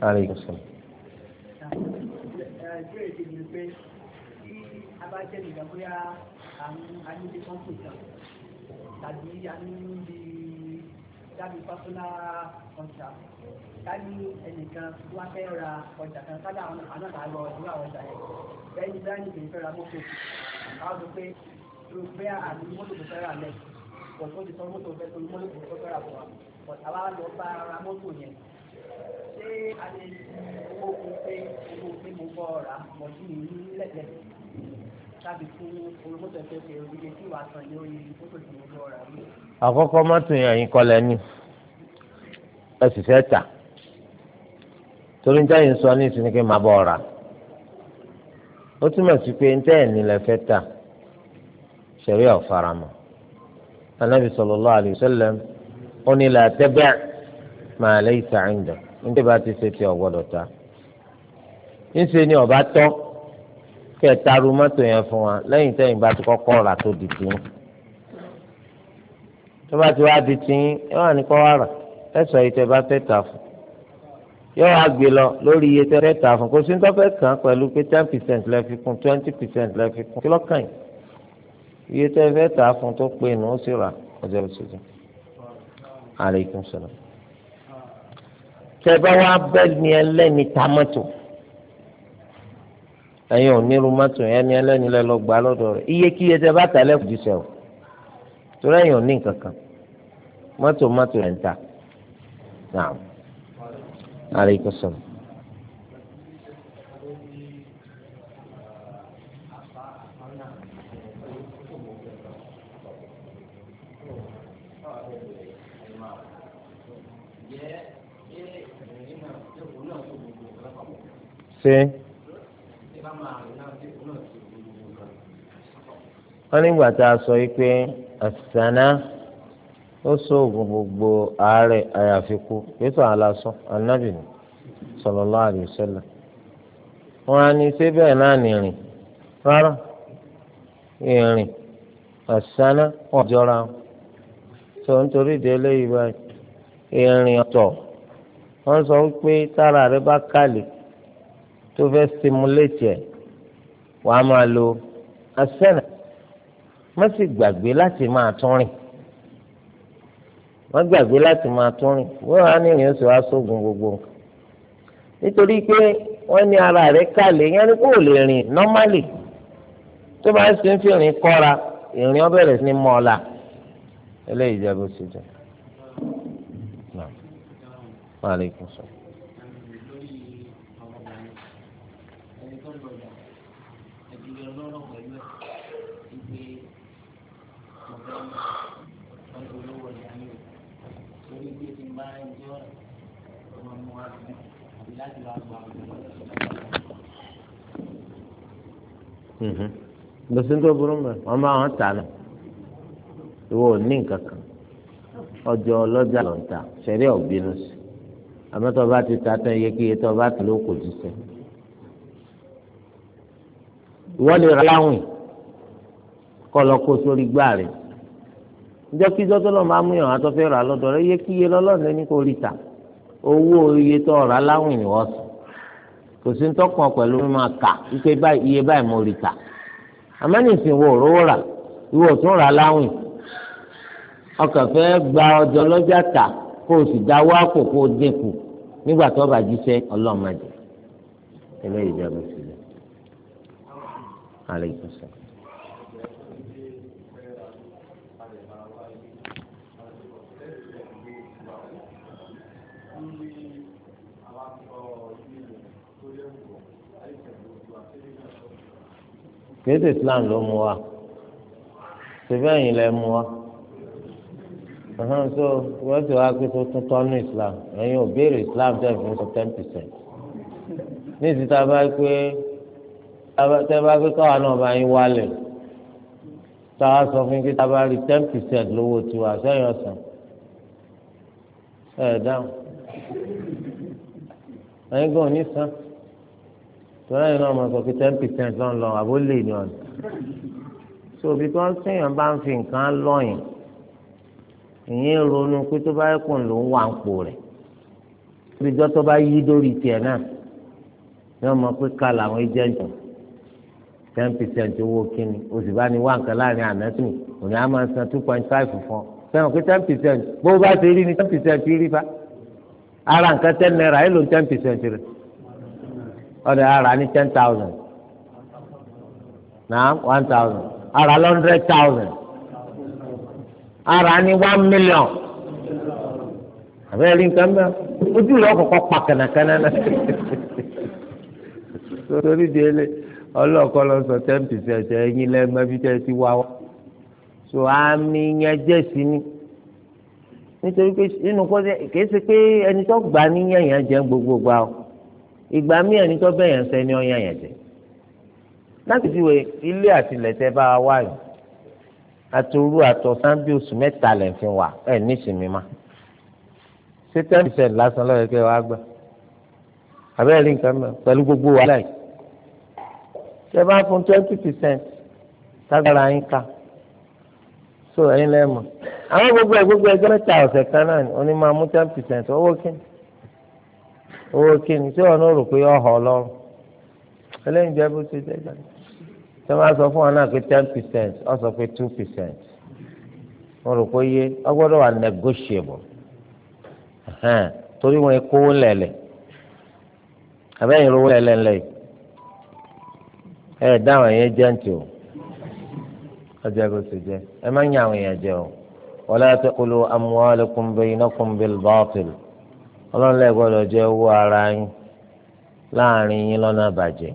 عليكم السلام yẹn bóyá anílé kọ́ńtò kan tàbí anílé jáde pásọ́lá ọjà káyé ẹnìkan wá fẹ́ ra ọjà kan kálá àwọn àlọ́ ìlú àwọn ọjà yẹn bẹ́ẹ̀ ni bẹ́ẹ̀ ni kì í fẹ́ ra mọ́tò àwọn sọ pé irú bẹ́ẹ̀ àti mọ́tò tó fẹ́ rà lẹ̀ pọ̀ tó ti sọ mọ́tò fẹ́ tó mọ́tò tó fẹ́ rà fún pọ̀ tàwa lọ bá ara mọ́tò yẹn ṣé a lè owó òfin owó òfin mo bọ́ ra mọ̀ sí mi nílẹ̀ lẹ́yìn tàbí fún olùmọ̀tò kẹfẹ́ òdìdẹ tí wàá san ní oye mọ́tò tí mo lọ rà mí. àkọ́kọ́ mọ́tò yẹn ẹ̀yin kọ́ lẹ́ni ẹ sì fẹ́ tà torí níta yìí ń sọ ní ìsinmi kí n máa bọ̀ ọ̀rà ó túmọ̀ sí pé níta yìí nílẹ̀ fẹ́ tà ṣẹ̀rí ọ̀faramọ̀ anabi sallallahu alayhi wa sallam ó ní la tabi' ma laysa 'indak níta bá ti ṣe ti ọ̀gbọ́dọ̀ ta ńṣe ni ọba tọ́ kí ẹ taru mọ́tò yẹn fún wa lẹ́yìn tẹ́yìn bá ti kọ́kọ́ rà tó di tiyín tó bá ti wá di tiyín ẹ wà ní kọ́ wá rà ẹ sọ yìí tẹ́ bá fẹ́ tà fún yọ wá gbé lọ lórí iye tẹ́ fẹ́ tà fún kò sí ní tọ́fẹ́ kàn pẹ̀lú pé ten percent lẹ fi kún twenty percent lẹ fi kún kí lọ́kàn yìí iye tẹ́ fẹ́ tà fún tó pé nù ó sì rà ọjọ́ ìṣèjọ. aleykum salaam tẹ́ bá wá bẹ́ẹ̀ ni ẹlẹ́ni tá mọ́tò ẹ̀yin òníru mọ́tò yẹn ní ẹlẹ́ni lẹ lọ gbà lọ́dọ̀ rẹ̀ iye kí iye tẹ bá tà lẹ́kùn jù sẹ́wọ̀ torí ẹ̀yin òní kankan mọ́tò mọ́tò rẹ̀ ń ta naam aleykum salaam. Sí. wọn nígbà tá a sọ pé àṣàná ó sóògùn gbogbo àárẹ̀ àyàfi kú pẹ̀sọ̀ àlásán anábì sallallahu alaihi wasallam. á ní ṣé náà nìrìn rárá ìrìn àṣàná wọ́n jọra tó nítorí ìdílé yìí báyìí ìrìn sọ wípé tára rẹ bá kálí tó fẹ́ stimulate ẹ̀ wàá lo má sì gbàgbé láti máa tún rìn má gbàgbé láti máa tún rìn wọ́n á ní ìrìn oṣù aṣọ́gun gbogbo nǹkan nítorí pé wọ́n ní ara rẹ̀ kálẹ̀ yẹn ní kó o lè rìn nọ́málì tó bá sì ń fi rìn kọ́ra ìrìn ọbẹ̀rẹ̀ sí ni mọ́ ọ la eléyìí jẹ́ bó ṣe jẹ́. Wa salaam. lọsí mhm. tó burú mẹ wọn bá wọn tà náà ìwọ ò ní nǹkan kan ọjọ́ ọlọ́jà lọ ń tà sẹrí ọbínú sí àmọtọ bá ti ta tán iyekíye tó bá tó ló kò jù sẹ ìwọ lè ra láwìn kọ lọ kó sórí gbáà rẹ ìjọkíjọ tó lọ máa mú rà lọ́dọ̀ rẹ̀ iyekíye lọlọrin ní kò rí ta. owó iye tó ọ̀rọ̀ aláwìn ni wọ́n sùn kò sí tọkàn pẹ̀lú mi kà wípé iye báyìí mo rì tà àmọ́nìsìn wo òróró rà ìwọ tún rà láwìn ọkàn fẹ́ gba ọjọ́ lọ́jà tà kó o sì dáwọ́ àpò kó o dínkù nígbà tó bá jíṣẹ́ ọlọ́mọdé jẹ́ kéde islam ló mú wa síbẹ̀ yìí lẹ mú wa ọ̀hún so wọ́n ti wá pé tó tún tọ́nu islam ẹ̀yin ò béèrè islam tẹ̀ fún sọ ten percent ní ìsìta bá pé tẹ́ bá pé káwa náà bá yín wálẹ̀ táwa sọ fún yín tá a bá rí ten percent lówó tiwa sẹ́yìn ọ̀sán ẹ̀ dáhùn ẹ̀yin gan ò ní san tọ́lá yìí náà mọ̀ sọ pé ten percent lọ́n lọ àbó lè ọ̀nà so because téèyàn bá ń fi nǹkan lọ́yìn ìyẹn ronú pé tó bá kùn ló ń wà ń pò rẹ̀ ìjọ tó bá yí dórí tiẹ̀ náà yóò mọ̀ pé ká làwọn ẹjẹ̀ǹtì ten percent owó kínní oṣù bá ní wá nǹkan láàrin ànátù òní á máa san two point five fún ọ sẹ́wọ̀n pé ten percent bó bá ti rí ni ten percent rí bá ara nǹkan ten naira ẹ̀ ló ń ten percent rẹ̀ ọ̀dọ̀ ara ní ten thousand náà one thousand ara lọ hundred thousand ara ní one million àbẹ́rẹ́ nǹkan bẹ́ẹ̀ ojú rẹ̀ ọkọ̀ pa kànákànná náà torí délé ọlọ́ọ̀kọ́ lọ sọ ten percent ẹ̀yin lẹ́gbẹ́ bí tẹ́ ti wá wá so àmì yẹn jẹ́ sí ni nítorí pé nínú kọ́sẹ́ kìí ṣe pé ẹni tó gbà níyẹn yẹn jẹ́ gbogbo gbà ìgbà míì ẹni tó bẹ̀ yẹn sẹ́ ni ọ̀yà yẹn jẹ láti fi wé ilé àtìlẹ́tẹ̀ bá a wá yìí àtòrú àtọ̀sán bí oṣù mẹ́ta lẹ̀ fi wà ẹ̀ nísìmí ma ṣé ten lásán lọ́yẹ̀ kẹ́ wàá gbà abẹ́rẹ́ rí nǹkan mọ̀ pẹ̀lú gbogbo wàhálà yìí ṣé bá fún twenty percent tágbára yín ká so ẹ̀yin lẹ́mọ̀ àwọn gbogbo ẹ̀ gbogbo ẹgbẹ́ mẹ́ta ọ̀sẹ̀ kan náà ni oní ten percent owó kíni owó kíni tí wọn rò pé ọ̀họ̀ lọ́rùn eléyìí jẹ́ bó ti jẹ́ jáde tí sọ fún wọn náà pé ten percent ọ sọ pé two percent rò pé ọ gbọdọ wà negotiable torí wọn kówó lẹ̀lẹ̀ àbẹ́yìn rówó lẹ̀lẹ̀ lẹ́yìn ẹ dáhùn ẹ̀yẹ o bó ti jẹ́ ẹ má àwọn èèyàn jẹ o wala taqulu amwalakum bainakum bil ọlọ́lẹ̀ gbọ́dọ̀ jẹ́ owó ara yín láàrin yín lọ́nà bàjẹ́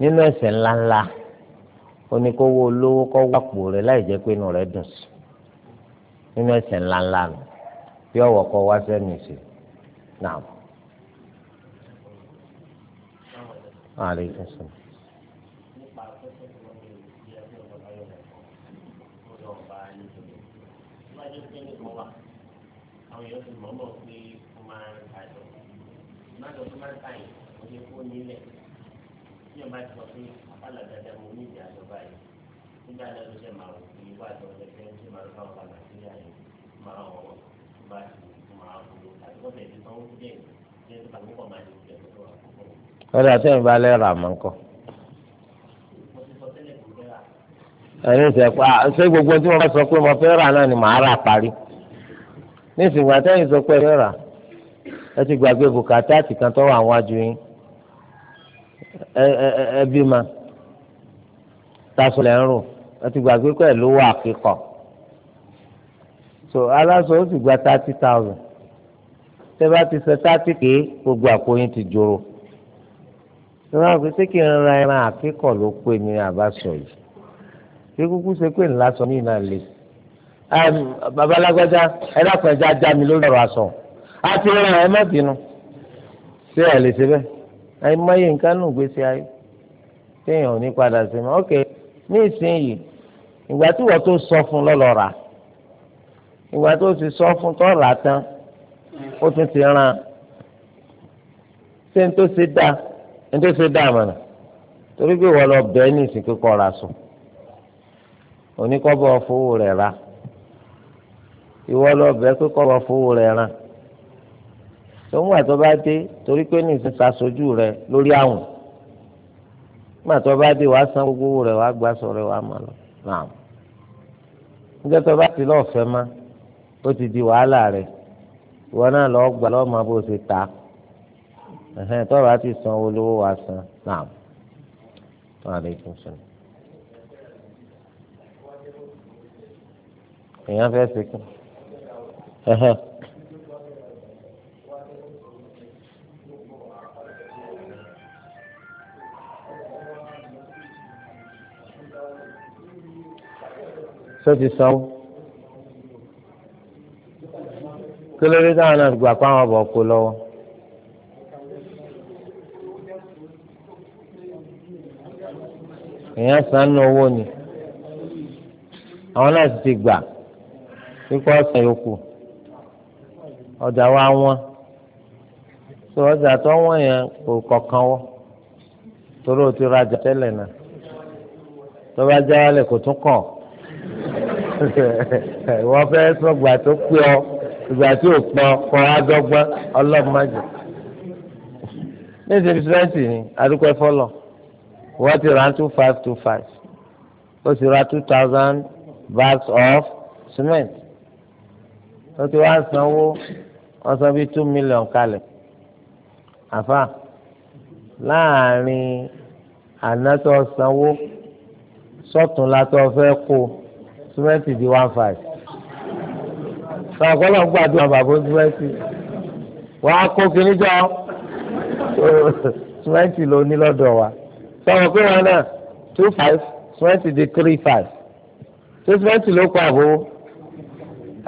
nínú ẹ̀ṣẹ̀ ńláńlá oníkówó olówó kọ́ wàpò rẹ̀ láì jẹ́ pé inú rẹ dùn sí nínú ẹ̀ṣẹ̀ ńláńlá nù bí ọ̀wọ̀ kọ́ wá sẹ́mi sí náà. Aleykum salaam. má lọ fún máa ń tàn yìí mo lè kó nílẹ̀ tí o bá ti sọ pé àpàlà dáadáa mo ní ìdí àjọba yìí nígbà náà ló ṣe máa wò pé wà á jọ lẹ́fẹ́ ṣé máa lọ́wọ́ bá nàìjíríà yìí máa wọ̀ bá ti máa wò àti wọ́n tẹ̀lé sanwó sílẹ̀ ṣé àkókò máa lè jẹ́ tó ẹni sẹ pa ṣé gbogbo tí wọn bá sọ pé mo fẹ́ rà náà ni màá rà parí nísìnyí àtẹ̀yìn sọ pé ẹ fẹ́ rà ẹ ti gbàgbé bùkátà àti kan tó wà wájú yín ẹ bí ma taṣọ lẹ ń rò ẹ ti gbàgbé pé ẹ lówó àkíkọ so aláṣọ ó sì gba thirty thousand tẹ bá ti sẹ thirty ké gbogbo àpòyìn ti jòrò tẹ bá gbé pé kí n ra ẹran àkíkọ ló pé ní àbáṣọ yìí kí kúkú ṣe pé ńlá sọ ní ìlànà lè babalágbájá ẹ dákun ẹ já mi lórí ọ̀rọ̀ aṣọ àti ìran ẹ̀ mẹ́bìínú ṣé ẹ̀ lè ṣe bẹ́ẹ̀ ẹ̀ mọ́yé nǹkan nù gbèsè ayé téèyàn ò ní padà sí mi ok ní ìsinyìí ìgbà tí wọ́n tó sọ fún lọ́lọ́ra ìgbà tó ti sọ fún tó rà tán ó tún ti ran ṣé n tó ṣe dá n tó ṣe dá àmàlà torí pé wọ́n lọ bẹ́ẹ̀ ní ìsìnkú kọ́ra sùn oníkọ́bọ̀ fowó rẹ̀ ra ìwọ lọ bẹ́ẹ̀ pé kọ́bọ̀ fowó rẹ̀ ràn tó ń wà tó bá dé torí pé ní ìsinsa sojú rẹ lórí àwọn nígbà tó bá dé wàá san gbogbo rẹ wàá gbà sọ rẹ wàá mọ lọ náà nígbà tó bá ti lọ́ọ̀fẹ́ má ó ti di wàhálà rẹ ìwọ náà lọ́ọ́ gbà lọ́ọ́ máa bó ṣe ta tó bá ti san olówó wàá san náà. Aleykum salaam. èèyàn fẹ́ sekú. sọ ti sọ kílódé táwọn náà gbà pa àwọn ọbọ kó lọ́wọ́. èèyàn san owó ni àwọn náà ti gbà kíkọ́ ọ̀sán yòókù ọjà wa wọ́n tó ọjà tó wọ́n yẹn kò kọ̀ọ̀kan wọ́ torí o ti rajà tẹ́lẹ̀ náà tó bá já wálẹ̀ kò tún kàn wọ́n fẹ́ sọ̀gbà tó pé ọ ìgbà tí ò pọ̀ kọ́ adọ́gbọ́n ọlọ́mọdé níṣẹ́ twenty ni adúpẹ́ fọlọ́ wọ́n ti ra two five two five ó ti ra two thousand bags of cement wọ́n ti wá sanwó wọ́n san bíi two million kalẹ̀ àfa láàrin ànátọ́ sanwó sọ́tún látọ́ fẹ́ kó o. Twenty di one five sọ àgọ́lọ́ gbàdúrà bàbá sìmẹ́ǹtì wàá kó kiri jọ Twenty. ló ní lọ́dọ̀ wa sọ̀rọ̀ pé wọn náà two five sìmẹ́ǹtì di three five tó sìmẹ́ǹtì ló kọ àbò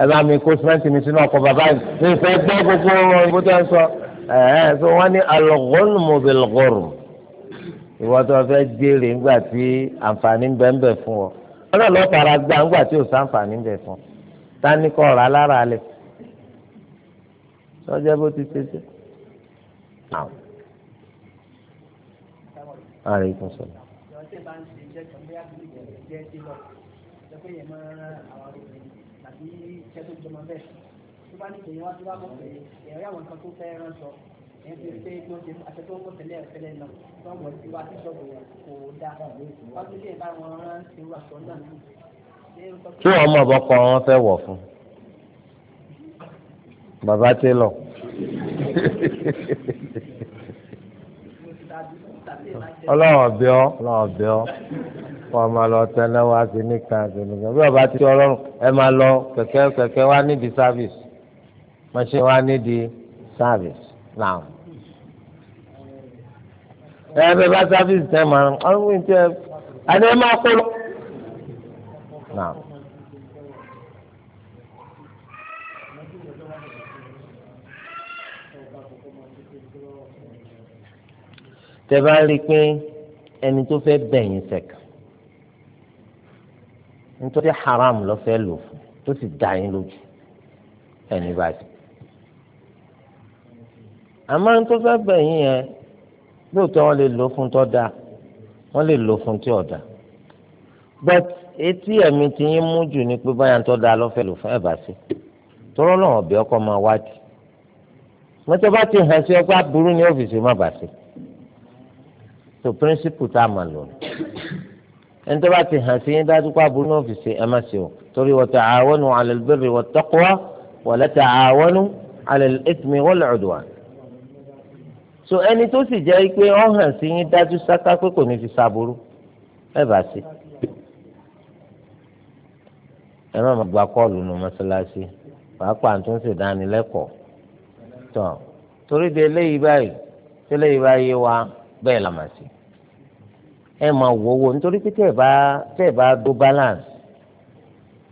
ẹ bá mi kó sìmẹ́ǹtì mi sínú ọkọ̀ bàbá yìí mi fẹ́ gbọ́ gbogbo ìbò tó ń sọ ẹ̀ẹ́ sọ wọ́n ní alọ́gọ́rùn-ún mọ̀bìlì gọ́rùn-ún ìwọ́n tó fẹ́ jèrè ńgbà tí àǹfààní ń bẹ́ẹ̀ bẹ́ẹ̀ fún ọ ọlọ́run lọ́ọ́ fara gbá ńgbà tí ò sáǹfààní bẹ̀ fún tani kọ́ ọ̀rọ̀ alára alẹ̀ sọ́jà bó ti ṣe jẹ́ àwọn. ààrẹ ìtàn sọ̀rọ̀. Thank you ẹbí pé bí ó ṣe aṣọ tó ń kó tẹ́lẹ̀ tẹ́lẹ̀ náà tó ń wọ̀ sí wa tí ṣọ́ọ̀bù yẹn kò dáa wá sí ilé ìbá wọn rán sí irú aṣọ náà ní. tí wọn mọ ọbọ kan wọn fẹ́ wọ̀ fún bàbá télọ̀ ọlọ́run ọ̀bẹ ọ́ ọlọ́run ọ̀bẹ ọ́ wọn máa lọ tẹ́lẹ̀ wá sí nìkan sí nìkan bí ọba tí ọlọ́run ẹ máa lọ kẹ̀kẹ́ kẹ̀kẹ́ wá nídìí service machine wá nídìí service now ẹ bẹ bá sáfíìsì tẹ máa ọdún wíńtì ẹ adé máa kó lọ. tẹ bá rí i pé ẹni tó fẹ́ bẹ̀yìn sẹ̀kà nítorí haram ló fẹ́ lò fún tó sì dá yín lójú ẹni bá ti. àmọ́ ní tó fẹ́ bẹ̀yìn yẹn lóòótọ́ wọ́n lè lò fún tó dáa wọ́n lè lò fún tí ò dáa but etí ẹ̀mí ti yín mú jù ní pé báyà tó dáa lọ́fẹ̀ẹ́ lò fún ẹ̀bà sí tọ́rọ́ náà ọ̀bẹ ọkọ máa wádìí mọ́tò bá ti hàn sí ọgbà burú ní ọ́fíìsì má bàá sí tó píríncípù tá a máa lò ní ẹni tó bá ti hàn sí yín dájú pé aburú ní ọ́fíìsì ẹ má sí o torí wa ta'awanu 'ala al-birri wat-taqwa wa la ta'awanu 'ala al-ithmi wal-'udwan so ẹni tó sì jẹ́ pé ọ hàn sí yín dájú sáká pé kò ní fi ṣàbùrú ẹ bá sí ẹ má gba kọ́ọ̀lù nù mọ́ṣáláṣí pàápàá tó ń ṣèdánilẹ́kọ̀ọ́ torí de eléyìí báyìí tí eléyìí wa bẹ́ẹ̀ là máa sí ẹ máa wò wò nítorí balance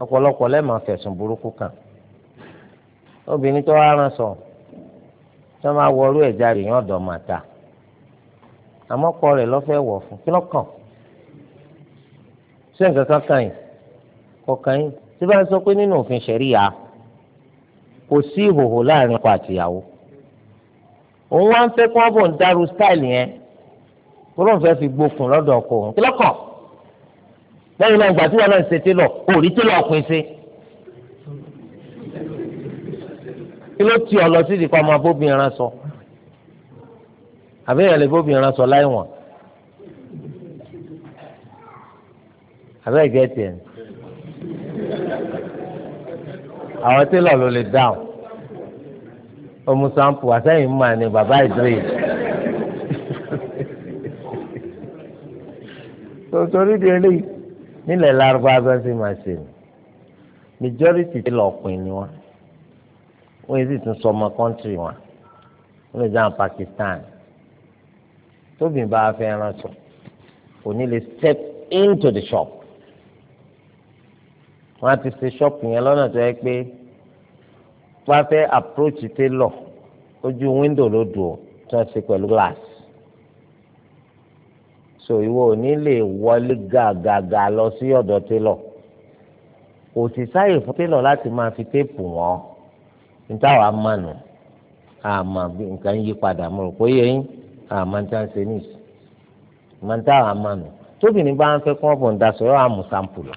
ọ̀pọ̀lọpọ̀ lẹ́ẹ̀ máa fẹ̀sùn burúkú kàn obìnrin tó wá tí wọ́n máa wọrú ẹ̀ jáde yẹn ọ̀dọ̀ máa ta àmọ́ kọ rẹ̀ lọ́fẹ́ wọ̀ fún kí lọ́kàn ṣé nǹkan kan kàn yín kọ̀ọ̀kan yín tí bá ń sọ pé nínú òfin ṣẹ̀ríya kò sí ìhòòhò láàrin ọkọ àtìyàwó òun wá ń fẹ́ kí wọ́n bò ń dárú stáìlì yẹn kó lóun fẹ́ fi gbókun lọ́dọ̀ ọkọ òun kí lọ́kàn lẹ́yìn náà ìgbà tí wọ́n náà ń ṣe télọ̀ òòrí télọ̀ ọkùnrin ṣe. kí ló ti ọ lọ sí ìdìpọ̀ ọmọ abóbìnrin sọ àbẹ́yẹn lè bóbìnrin sọ láì wọ̀n àbẹ́yẹn gẹ̀ẹ́tì ẹ̀ àwọn tẹ́lọ̀ ló lè dáhùn ọmọ sampo àsẹ́yìn mọ́ ni bàbá ìdúró tòtòrí di eléyìí nílẹ̀ lárúbá abẹ́sẹ̀ máa ṣe majority ti lọ pin ni wọ́n wọ́n sì tún sọ ọmọ kọ́ńtìrì wọn wọ́n lè jáwọn Pakistan tóbìn bá fẹ́ ránṣọ kò ní lè step into the shop wọ́n á ti ṣe shop yẹn lọ́nà tó yẹ pé wọ́n á fẹ́ approach tailor ojú window ló dùn ó tí wọ́n ṣe pẹ̀lú glass so ìwọ ò ní lè wọlé gàgàgà lọ sí ọ̀dọ̀ tailor kò sì sáàyè fún tailor láti máa fi téèpù wọn níta wàá mànù àmà nǹkan yí padà mọ̀ kó yẹ yín àmà níta ń ṣe nìyí àmà níta wàá mànù tóbìnrin bá ń fẹ́ kó wọ́n bò ń da sọ̀rọ̀ àmù sàmpù lọ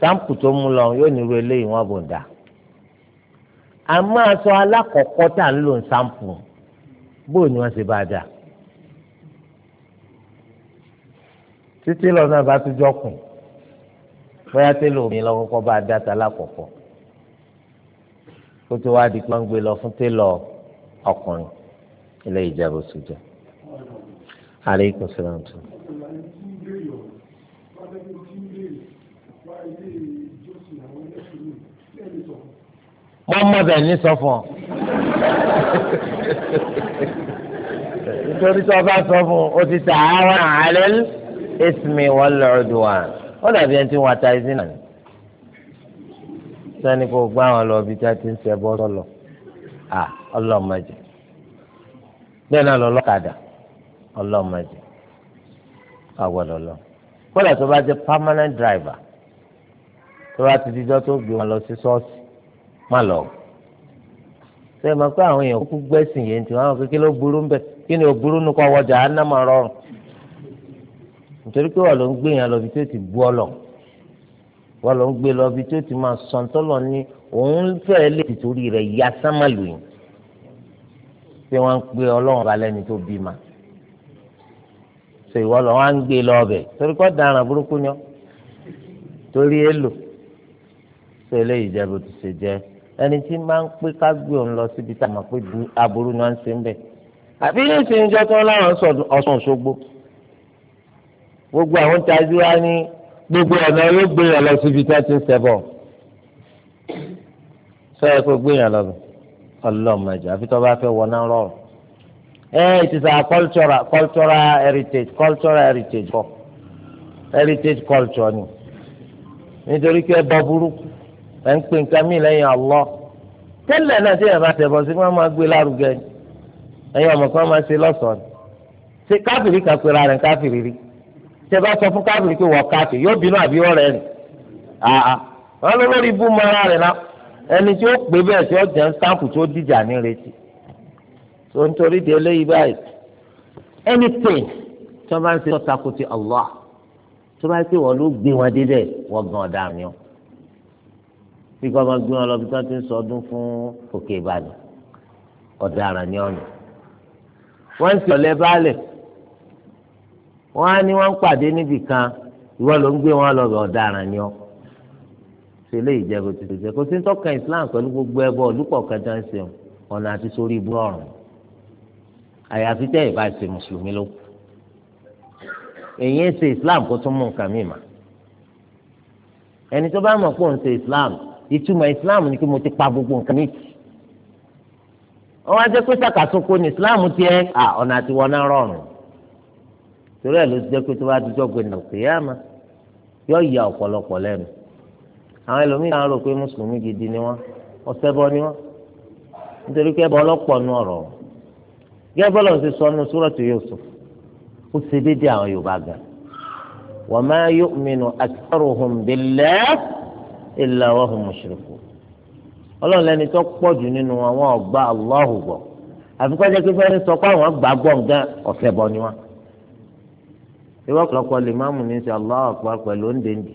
sàmpù tó mú lọ yóò ní irú eléyìí wọ́n bò ń da àmọ́ aṣọ alákọ̀ọ́kọ́ tá à ń lò ń bó ni wọ́n ṣe bá dà títí lọ náà bá tún jọkùn bóyá tẹ́lẹ̀ omi lọ́kọ́kọ́ bá dá ta lákọ̀ọ́kọ́ kó tó wá di pé wọ́n ń gbé lọ fún télọ̀ ọkùnrin ilé ìjẹ́bù sójà. aleykum salaam tó. wọ́n mọ̀ bẹ́ẹ̀ ní sọ fún ọ. nítorí tí wọ́n bá sọ fún ọ ti tà á wọn àlẹ́ ìsìnmi wọn lọ́ọ́ dùn wá. wọ́n dàbí ẹni tí wọ́n ata ẹ̀sìn náà sani kò gbá àwọn lọ bí tá a ti ń ṣe bọ́ sọlọ à ọlọ́mọdé bẹ́ẹ̀ náà lọ́lọ́kadà ọlọ́mọdé àwọ̀lọ́lọ́ kọ́lá tó bá jẹ́ permanent driver tó bá ti dijọ́ tó gbé wọn lọ sí ṣọ́ọ̀ṣì má lọ ṣe é máa pé àwọn èèyàn kúkú gbẹ́sìn yẹn tí wọ́n á kékeré ó burú ń bẹ̀ kí ni ó burú nu kọ́ wọ́jà á ná rọrùn nítorí pé wọ́n ló ń gbé yẹn lọ bí tó ti bú ọ wọ́n lọ ń gbé lọ bí tí ó ti máa sàn tọ́lọ̀ ní òun fẹ́ẹ́ lè tìtorí rẹ̀ ya sámàlù yìí pé wọ́n ń pe ọlọ́run balẹ̀ ni tó bí ma ṣe ìwọ lọ wọ́n á ń gbé lọ ọbẹ̀ torí kọ́ daràn burúkú ni torí èlò ṣe eléyìí jẹ́ bó ti ṣe jẹ́ ẹni tí máa ń pé ká gbé òun lọ síbi tá a mọ̀ pé aburú ni wọ́n ṣe ń bẹ̀ àbí ní ìsìn ìjọ tó ń láwọn Ọ̀ṣun Òṣogbo gbogbo àwọn tajú wa ní gbogbo ọ̀nà yóò gbé yàn lọ síbi tí a ti ń ṣẹbọ sọ́yẹ́ kó gbé yàn lọ ọlọ́mọdé àfi tó bá fẹ́ wọ náà rọrùn eh it is cultural cultural heritage cultural heritage kọ heritage culture ni nítorí pé ẹbọ burúkú ẹ ń pè nǹkan mí lẹ́yìn Allah tẹ́lẹ̀ náà tí yàrá àtẹ̀bọ̀ sí wọn máa gbé lárugẹ ẹ̀yin ọmọ kan máa ṣe lọ́sọ̀ọ́ ṣe káfìrí kan pera rẹ̀ káfìrí rí tẹ bá sọ fún káfíìrì pé wọ́n káàtó yóò bínú àbí ọ̀rẹ́ rẹ̀ àà wọn lọ lórí ibú mara rẹ̀ náà ẹni tí ó pè bẹ́ẹ̀ tí ó jẹ́ stamp tí ó dìjà ní retí tó ń torí de eléyìí báyìí anything tí wọ́n bá ń ṣe tọ́ta kò ti Allah tó bá ṣe wọ́n ló gbé wọn débẹ̀ wọ́n gan ọ̀daràn ni ọ́ bí kò máa gbé wọn lọ bí wọ́n ti ń sọdún fún òkè ìbàdàn ọ̀daràn ni ọ̀nà wọ́n ń sọ̀lẹ́ báàlẹ̀ wọn á ní wọn ń pàdé níbì kan ìwọ ló ń gbé wọn lọ ọ̀daràn ni ọ ṣe lè jẹ kó ti ṣe kó ti ń Islam pẹ̀lú gbogbo ẹbọ olùpọ̀ kẹta ń ṣeun ọ̀nà àti sórí ibú ọ̀run àyàfi tẹ́ ìbá ṣe mùsùlùmí ló èyí ń ṣe Islam kó tún mú nǹkan mìíràn ẹni tó bá mọ̀ pé òun ṣe Islam ìtumọ̀ Islam ni kí mo ti pa gbogbo nǹkan méjì wọ́n wá jẹ́ pé sàkàsókò ní Islam tiẹ̀ ọ̀nà àti wọn náà rọrùn torí ẹ̀ ló ti jẹ́ pé tó bá ti jọ́gbìn nà kíyámà yóò ya ọ̀pọ̀lọpọ̀ lẹ́nu àwọn ẹlòmíì náà rò pé mùsùlùmí gidi ni wọ́n ọ̀sẹ̀bọ ni wọ́n nítorí pé ẹbọ ọlọ́pọ̀ nù ọ̀rọ̀ gẹ́gẹ́ bọ́lá ti sọ nù súrọ̀tù Yusuf ó ṣe déédé àwọn Yorùbá gan wa ma yu'minu aktharuhum billahi illa wa hum mushrikun ọlọ́run lẹ́ni tó pọ̀ jù nínú wọn wọn ò gbà Allahu gbọ́ àfikún ẹjẹ́ fẹ́ẹ́ sọ pé àwọn gbàgbọ́ nǹkan ọ̀sẹ̀bọ ni wọ́n. ìwọ ọ̀pọ̀lọpọ̀ lè má mú ní ṣe Allahu Akbar pẹ̀lú òǹdèǹdè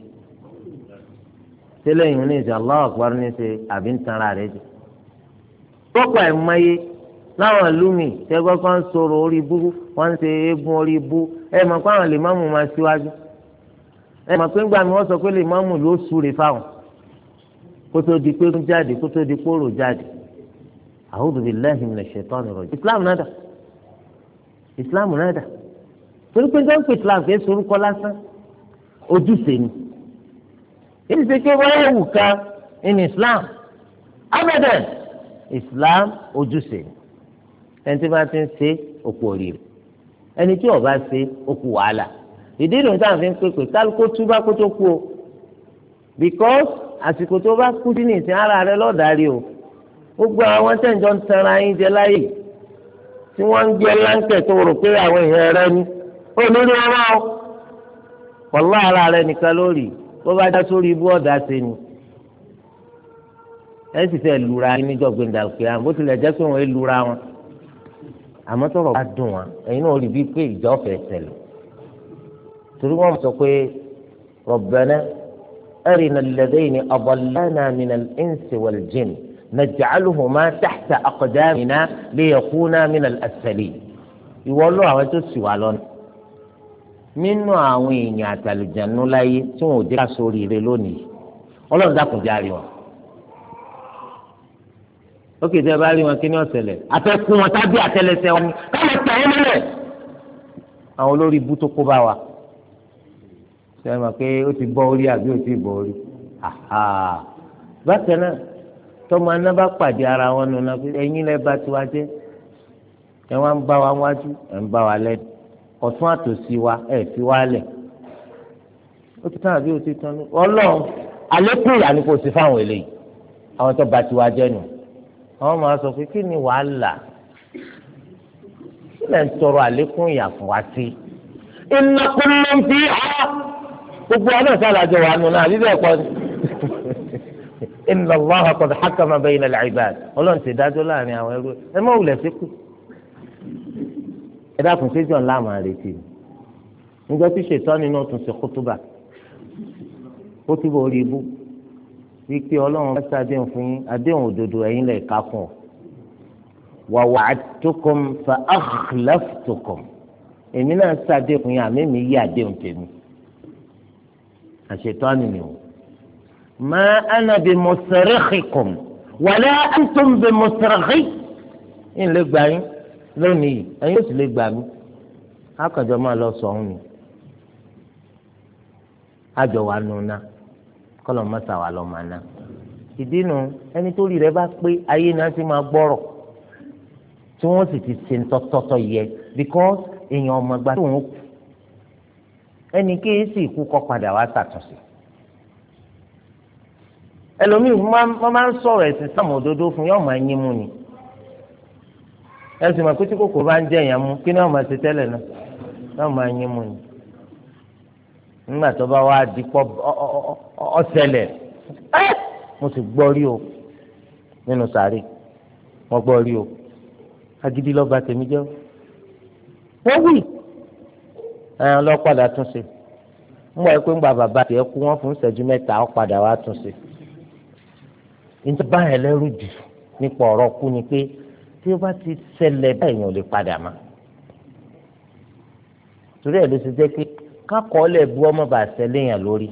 tẹ́lẹ̀ yìí ní ṣe Allahu Akbar ní ṣe àbí ń tanra rẹ̀ jù. pọ́pọ̀ àìmọye láwọn ìlú mi kan sọ̀rọ̀ orí ibú wọ́n ṣe orí ẹ pé àwọn lè má mú máa ẹ pé sọ pé lè má mú ló fáwọn di pé torí pé jẹ́ ń pè Islam kìí sorúkọ lásán ojúṣe ni èyí ṣe pé wọ́n yẹ wù kan in Islam abadan Islam ojúṣe ni ẹni tí wọ́n ti ń ṣe òkú òrìrì ẹni tí ó ṣe òkú wàhálà ìdí ìròyìn táwọn fi ń pèpè kálukó túbá kó tó kú o because àsìkò tó bá kú sí ní ìsìn ara rẹ lọ́ọ̀dárí o gbogbo àwọn tẹ̀jọ́ ń tanra yín jẹ láyè tí wọ́n ń gbé láńkẹ̀ tó rò pé àwọn èèyàn rẹ ní olórí ọ̀rọ̀ wàlá ara rẹ nìkan lórí bó bá dá sórí ibú ọ̀dà ṣe ni ẹ sì fẹ́ lura níjọ́ gbẹ̀ndàkúyà bó tilẹ̀ jẹ́ pé wọ́n ń lura wọn àmọ́ tọrọ bá dùn wọn ẹ̀yin náà rí bíi pé ìjà ọ̀fẹ́ ṣẹlẹ̀ torí wọ́n sọ pé rọ̀bẹ̀nẹ́ ẹ̀rìnà lẹ́dẹ́yìn ọ̀bọ̀lẹ́nà mìíràn ẹ̀ǹsì wọ̀lẹ́jìn nàjàlùhùmá tàxtà àkọ́dá mìíràn lè yẹ kúnà mìíràn ẹ̀sẹ̀lẹ̀ ìwọ lọ àwọn tó sì wà lọ́nà nínú àwọn èèyàn àtàlùjànú láyé tí wọn ò dé ká sórí lónìí ọlọ́run dákun járe wọn. ó kì í sẹ́ bá rí wọn kí ni ọ̀sẹ̀lẹ̀ àtẹkùn wọn tàbí àtẹlẹsẹ̀ wọn káwọn tẹ̀ ẹ́ mọ́lẹ̀. àwọn olórí ibú tó kó bá wa ṣe é mọ̀ pé ó ti bọ́ orí àbí ó ti bọ́ orí. bákan náà tọmọ aná bá pàdé ara wọn nù náà ẹ̀yin lẹ́ẹ̀ bá tiwa jẹ́ wá ń bá wa wájú ẹ̀ ń bá wa lẹ́nu ọ̀tún àtòsí wa ẹ̀ fi wá lẹ̀ ó ti tán àbí ó ti tán ní ọlọ́run àlékún ìyá ni kò sí fáwọn eléyìí àwọn tó bá tiwa jẹ́ nù àwọn máa sọ pé kí ni wàhálà kí lẹ́ ń tọrọ àlékún ìyá fún wa sí iná kúnlẹ̀ ń fi hà gbogbo ọdún ìsàlájọ wà nù náà bíbẹ̀ kọ́ inna Allaha qad hakama bayna al-ibad ọlọ́run ti dájọ́ láàrin àwọn ẹrú ẹ má wulẹ̀ sí kù ẹ dákun ṣé jọ̀ ńlá máa retí níjọ́ tí ṣètọ́ni náà tún ṣe kótóbà ó túbọ̀ orí ibú wípé ọlọ́run bá ṣàdéhùn fún yín àdéhùn òdodo ẹ̀yin lè ká fún ọ. wa wa'adtukum fa akhlaftukum èmi náà ṣàdéhùn fún yín àmì mi yí àdéhùn tèmi. àṣetọ́ni ni o. ma ana bi musrikhikum wala antum bi musrikhi. ń lè gbà yín lónìí ẹ̀yin yóò sì lè gbà mí akànjọ máa lọ sọ ọ́n mi àjọ wa nù ná kọlọ mọ́sà wa lọ máa ná ìdí nu ẹni tó rí rẹ bá pé ayé náà ti máa gbọ́rọ̀ tí wọ́n sì ti ṣe tọ́tọ́tọ́ yẹ because èèyàn ọmọ gba tóun kù ẹni kéé sì kú kọ́ padà wá ṣàtúnṣe ẹlòmíì wọ́n máa ń sọ̀rọ̀ ẹ̀sìn sáàmù òdodo fún yọ́ọ̀mù ẹ̀yìn mú ni ẹ sì mọ̀ pé tí kòkòrò bá ń jẹ èèyàn mú kí ni wọ́n máa ṣe tẹ́lẹ̀ náà náà máa yín mu ni nígbà tó bá wá di pọ́ ọ̀sẹ̀lẹ̀ mo sì gbọ́ rí o nínú sàárè mo gbọ́ rí o agídí lọ́ba tèmi jẹ́ wọ́n wì ẹ̀yàn lọ́pàdà tún ṣe ń wọ ẹ̀pẹ́ ńgbà bàbá tiẹ̀ kú wọ́n fún ìṣẹ́jú mẹ́ta ọ̀padà wa tún ṣe ìjọba yẹn jù nípa ọ̀rọ̀ kú ni pé tí ó bá ti ṣẹlẹ̀ báyìí ò lè padà mọ́ torí ẹ̀ ló ti jẹ́ pé kákọ́ọ́lẹ̀ bu ọmọ bá ṣẹlẹ̀ yàn lórí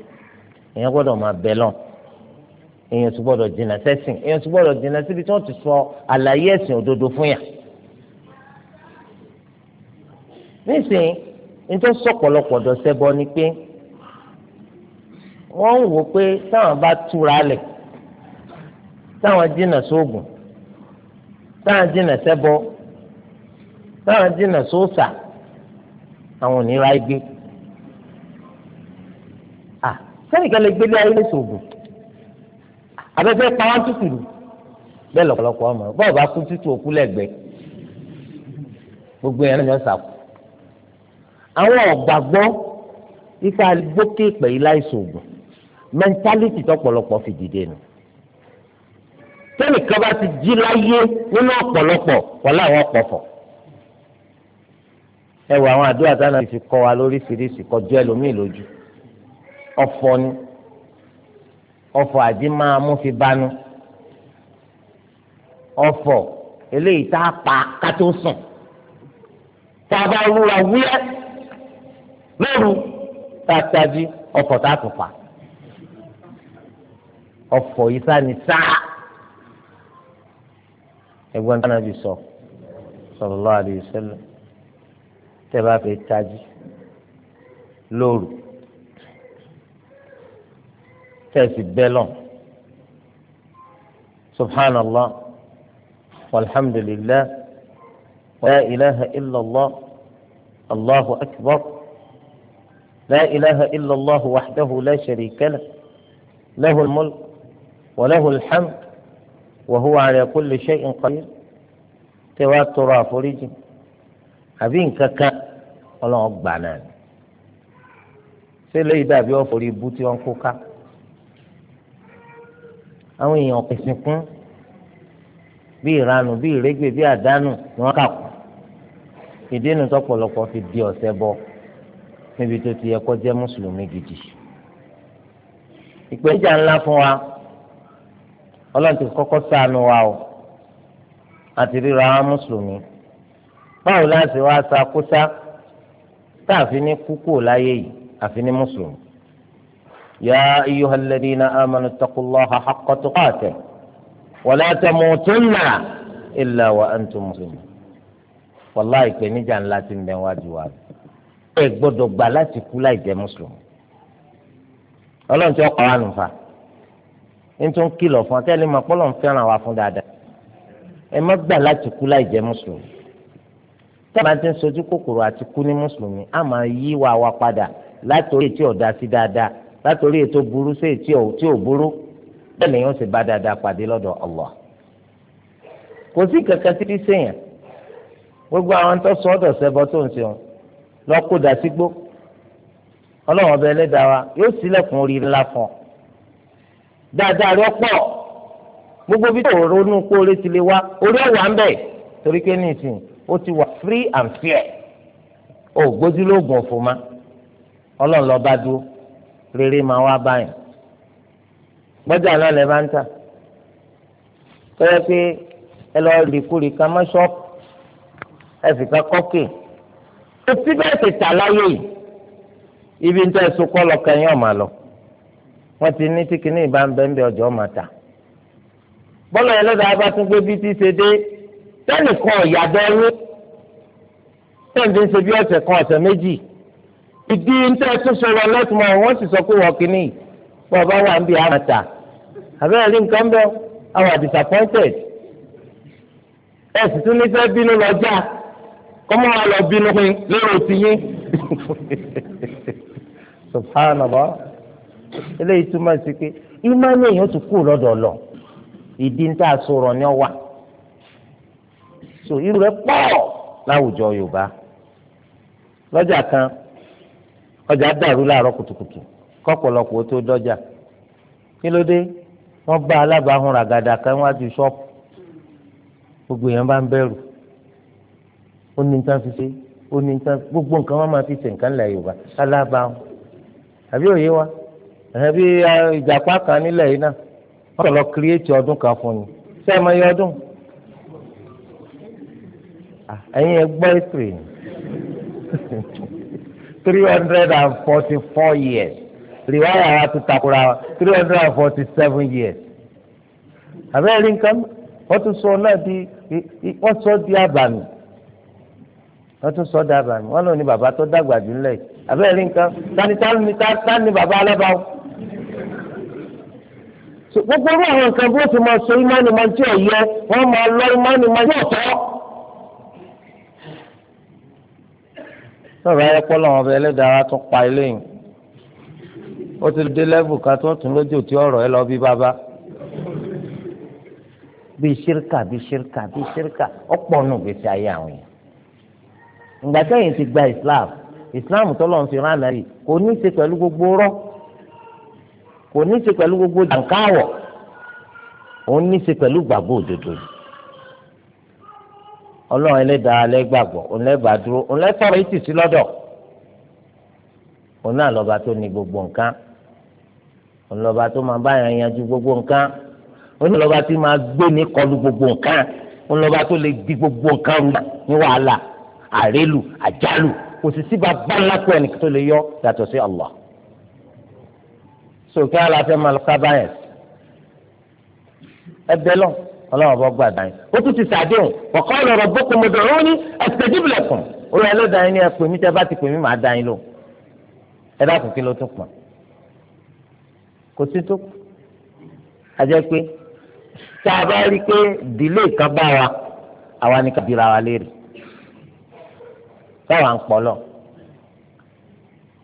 èèyàn gbọ́dọ̀ máa bẹ̀ lọ èèyàn tún gbọ́dọ̀ jìnnà sẹ́sìn èèyàn tún gbọ́dọ̀ jìnnà síbi tí wọ́n ti sọ àlàyé ẹ̀sìn òdodo fún yàn nísìnyí nítorí sọ̀pọ̀lọpọ̀ dọ̀sẹ̀ bọ ni pé wọ́n ń wò pé táwọn bá túra lẹ̀ táwọn jìnnà sóògùn táwọn jìnnà sẹ́bọ táwọn jìnnà sóòsà àwọn ò ní ra igbe sẹ́nìkan lè gbélé ayé lè sògùn abẹ́fẹ́ pàwọn tútù lù bẹ́ẹ̀ lọ́pọ̀lọpọ̀ ọmọ bọ́ọ̀ bá kú tútù òkú lẹ́gbẹ̀ẹ́ gbogbo yẹn ló ń sàkó àwọn ọ̀gbàgbọ́ ipa gbókè pẹ̀lú láìsògùn mẹ́ńtálítì tọ́pọ̀lọpọ̀ fi dìde nù tẹ́nìkan bá ti jí láyé nínú ọ̀pọ̀lọpọ̀ wọ́n láwọn ọ̀pọ̀fọ̀. ẹ wo àwọn àdúrà táwọn àti fi kọ́ wa lóríṣiríṣi kọjú ẹlòmíì lójú ọ̀fọ̀ ni ọ̀fọ̀ àdí máa mú fi bánu ọ̀fọ̀ eléyìí tá a pa ká tó sùn tá a bá rúra wúyẹ́ lóru tá a tají ọ̀fọ̀ tá a tún pa ọ̀fọ̀ yìí sá ni sáà. ẹgbọn tí bí sọ sọlọ lọ alaihi sẹlẹ tẹ bá fẹ́ tají lóru tẹsí bẹlọ subhanallah walhamdulillah la ilaha illallah allahu akbar la ilaha illallah wahdahu la sharika lah lahu al-mulk wa lahu wa huwa ala kulli shay'in qadir tẹ́ wàá tọrọ àforíjì àbí nǹkan kan ọlọ́run gbà náà ni ṣé lẹ́yìn dàbí ọ̀fọ̀rí ibú tí wọ́n kó ká àwọn èèyàn pèsè kún bí ìranù bí ìrégbè bí àdánù ni wọ́n kà kù ìdí inú tọ́pọ̀lọpọ̀ fi di ọ̀sẹ̀ bọ níbi tó ti yẹ kó jẹ́ mùsùlùmí gidi ìpèníjà ńlá fún wa ọlọ́run ti kọ́kọ́ ṣàánú wa o àti ríra àwọn mùsùlùmí báwo láti wá sakúsá tá a fi ní kúkú láyé yìí àfi ní mùsùlùmí. ya ayyuhal ladina amanu taqullaha haqqa tuqatih wa la tamutunna illa wa antum muslimun. wàláhì ìpèníjà ńlá ti ń bẹ wájú wa ẹ gbọ́dọ̀ gbà láti kú láì jẹ́ mùsùlùmí. ọlọ́run ọkọ̀ wa nù fa ń tún kìlọ̀ fún akẹ́lẹ́ máa pọ́lọ̀ ń fẹ́ràn wa fún dáadáa ẹ má gbà láti kú láì jẹ́ mùsùlùmí táwọn máa ti ń sojú kòkòrò àti kú ní mùsùlùmí á máa yí wa wa padà látòrí ètí ọ̀dà sí dáadáa látòrí ètò burú sí ètí tí ò burú bẹ́ẹ̀ ni yóò sì bá dáadáa pàdé lọ́dọ̀ Allah kò sí kankan títí sèyàn gbogbo àwọn tó sọ ọ́dọ̀ sẹ́bọ tó ń sèwọ̀n lọ́kùdà sígbó ọlọ́wọ́n ọbẹ̀ ẹlẹ́dàá wa yóò sílẹ̀kùn oríire ńlá fún ọ dáadáa rẹ pọ̀ gbogbo bí tó ronú kó orí ti lè wá orí ẹ̀ wà ń bẹ̀ torí pé nísìnyí ó ti wà free and fair ó gbójúlógún òfò ma ọlọ́run lọ́ọ́ bá dúró rere máa wá báyìí gbọ́dọ̀ àná lẹ́ bá ń tà tọ́jà pé ẹ lọ rí kúrì ká má ṣọ́ọ̀pù ẹ sì ká kọ́kì ó ti bẹ́ẹ̀ tà láyé ibi ń tẹ́ ẹ so kọ́ lọ kẹ́yìn ọ̀ lọ wọ́n ti ní tí kìíní ìbá ń bẹ́ ń bẹ ọjọ́ máa tà bọ́lá yẹn lọ́dọ̀ abá tún gbé bí tí ṣe dé tẹ́nìkan ìyàgbẹ́ yín tẹ́ǹdé ń ṣe bí ọ̀sẹ̀ kan ọ̀sẹ̀ méjì ìdí ńtẹ́ tún sọ̀rọ̀ lọ́tùmọ̀ wọ́n sì sọ pé wọ́n kìíní pọ̀ bá wà ń bí àmà tà àbẹ́rẹ́ rí nǹkan bẹ́ẹ̀ àwọn disappointed ẹ̀ sì tún ní fẹ́ bínú lọ́jà kọ́mọ́ wa lọ bínú pin lérò tiyín subhanallah. eléyìí túmọ̀ sí pé ìmánì èèyàn ti kú lọ́dọ̀ lọ ìdí ń tà sọ̀rọ̀ ni ọ wà so irú rẹ̀ pọ̀ láwùjọ Yorùbá lọ́jà kan ọjà dàrú láàárọ̀ kùtùkùtù kọ́pọ̀lọpọ̀ tó dọ́jà kí ló dé wọ́n bá alábàáhùn ràgàdà kan ṣọ́ọ̀pù gbogbo èèyàn bá ń bẹ̀rù ó ní nǹkan gbogbo nǹkan wọn máa fi ṣe nǹkan lẹ̀ Yorùbá alábàáhùn àbí ẹbí ìjàpá kan nílẹ̀ yìí náà wọ́n lọ kírẹ́ẹ̀tì ọdún kan fún mi ṣé ẹ máa yọ ọdún ẹ̀yin ẹ gbọ́ ìpè ní three hundred and forty four years rìwáyà wa ti takura three hundred and forty seven years àbẹ́rẹ́ rí nǹkan wọ́n tún sọ náà di wọ́n sọ di àbàmì wọ́n tún sọ di àbàmì wọ́n náà ní bàbá tó dàgbà jù ńlẹ̀ àbẹ́rẹ́ rí nǹkan tani tani bàbá alábàáwò gbogbo orí àwọn nǹkan bí ó ti máa sọ imáni máa tí ò yẹ wọn máa lọ imáni máa tí ò tọ́. sọ̀rọ̀ ayé pọ́ lọ́wọ́ ọbẹ̀ ẹlẹ́dàá tún pa eléyìí ó ti dé lẹ́bù ká tó tún lójú tí ọ̀rọ̀ ẹ lọ bí bàbá bíi ṣírkà bíi ṣírkà bíi ṣírkà ọ̀pọ̀ nù gbèsè ayé àwọn yẹn. ìgbà sẹ́yìn ti gba Islam Islam tọ́lọ́ ń fi rán àná yìí kò ní í ṣe pẹ̀lú gbogbo rọ́ọ̀ kò ní í ṣe pẹ̀lú gbogbo jàǹkáwọ̀ òun ní í ṣe pẹ̀lú gbàgbọ́ òdodo ọlọ́run ẹlẹ́dàá lẹ́gbàgbọ́ òun lẹ́bàá dúró òun lẹ́sọ̀rọ̀ yìí tì sí lọ́dọ̀ òun náà lọ́ba tó ní gbogbo nǹkan òun lọ́ba tó máa báyàn yanjú gbogbo nǹkan òun náà lọ́ba tí máa gbé ní kọlu gbogbo nǹkan òun lọ́ba tó lè di gbogbo nǹkan rú ní wàhálà àrélù àjálù kò sì síba bá ńlá kó ẹnì tó lè yọ yàtọ̀ sí Allah sòkè aláfẹ́ máa lọ́ka báyẹn ẹbẹ lọ ọlọ́wọ́ bọ́ gbà dáyẹn ó tún ti sàdéhùn ọ̀kọ́ ọ̀rọ̀ bókun mo dọ̀rọ̀ ní àtẹ̀jíbìlẹ̀kùn olú ẹlẹ́dàáyẹn ni ẹ pè mí tẹ́ bá ti pè mí màá dáyẹn lò ẹ dákun kí ló tún pọ̀ kò sí tó àjẹ́ pé tá a bá rí i pé dìlé kan bá wa àwa ni ká wa léèrè báwa ń pọ̀ lọ́ọ̀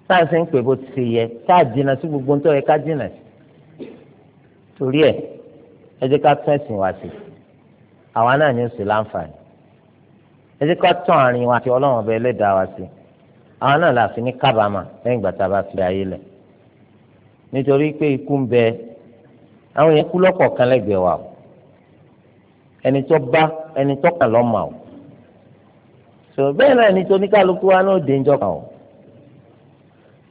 tá à ń sìn pé bó ti ṣe yẹ tá à jìnnà sí gbogbo ń tọ́ yẹ ká jìnnà sí torí ẹ ẹ jẹ́ ká tún ẹ̀sìn wa sí àwa náà ní oṣù láǹfààní ẹ jẹ́ ká tún àárín wa àti ọlọ́run ọba ẹlẹ́dàá wa sí àwa náà là fi ní kábàámà lẹ́yìn ìgbà tá a bá fi ayé lẹ̀ nítorí pé ikú ń bẹ àwọn yẹn kú lọ́pọ̀ kan lẹ́gbẹ̀ẹ́ wa ẹni tó bá ẹni tó kàn lọ́mọ o sọ bẹ́ẹ̀ náà ẹni tó ní kálukú wa náà dé ń jọ kàn o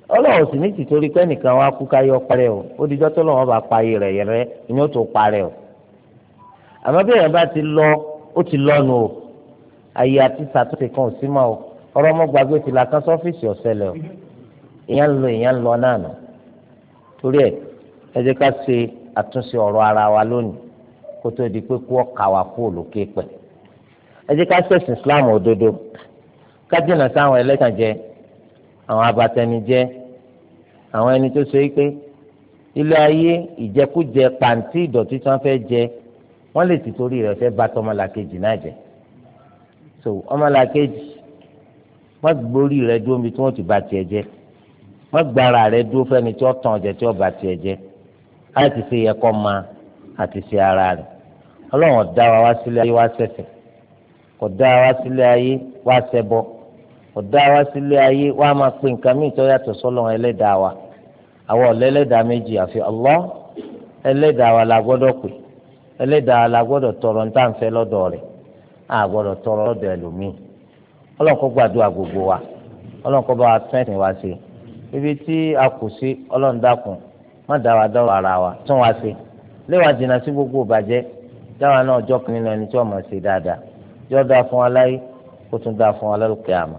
ọlọ́run sì ní tìtorí pé nìkan wá kú káyọ parẹ́ o ó dijọ́ tó lọ́wọ́ bá parí rẹ̀ yẹrẹ ni ó tó parẹ́ o àmọ́ bí èèyàn bá ti lọ ó ti lọ́nu o ayé àti sàtúnṣe kan ò sí mọ́ o ọ̀rọ̀ ọmọ gbàgbé ti la kan sọ́fíìsì ọ̀sẹ̀lẹ̀ o ìyẹn ń lọ ìyẹn ń lọ náà nà torí ẹ ẹ jẹ́ ká ṣe àtúnṣe ọ̀rọ̀ ara wa lónìí kó tó di pé kú ọ̀ka wa kú òlòkè pẹ̀ ẹ jẹ́ ká ṣẹ̀sìn àwọn abatẹnijẹ́ àwọn ẹni tó ṣe pé ilé ayé ìjẹkújẹ pàǹtí ìdọ̀tí tí wọ́n fẹ́ jẹ wọ́n lè ti torí rẹ̀ fẹ́ bà tọmọlàkejì náà jẹ́ so ọmọlàkejì wọ́n gbórí rẹ̀ dúró níbi tí wọ́n ti bà tiẹ̀ jẹ́ wọ́n gbára rẹ̀ dúró fẹ́ni tí wọ́n tàn ọ̀jẹ̀ tí wọ́n bà tiẹ̀ jẹ́ láti ṣe yẹ kọ́ ma àti ṣe ara rẹ̀ ọlọ́run ọ̀dá wa wá sílé ayé wá ṣẹ̀fẹ̀ kò dá wa sílé ayé wá ṣẹbọ ọ̀dá wa sílé ayé wàá máa pe nǹkan míì tó yàtọ̀ sọ́lọ́run ẹlẹ́dàá wa àwọn ọ̀lẹ́lẹ́dàá méjì àfi Allah ẹlẹ́dàá wa la gbọ́dọ̀ pè ẹlẹ́dàá wa la gbọ́dọ̀ tọrọ ní táǹfẹ́ lọ́dọ̀ rẹ̀ a gbọ́dọ̀ tọrọ lọ́dọ̀ ẹlòmíì ọlọ́run kó gbàdúrà gbogbo wa ọlọ́run kó bá wa tún ẹ̀sìn wa ṣe ibi tí a kù sí ọlọ́run dákun má dá wa dá ara wa tún wa ṣe léwà jìnnà sí gbogbo ìbàjẹ́ dáwọn náà ọjọ́ kan ẹni tí wọ́n mọ̀ ṣe dáadáa jọ́ dáa fún wa láyé ó tún dáa fún wa lálùkẹ́ àmọ́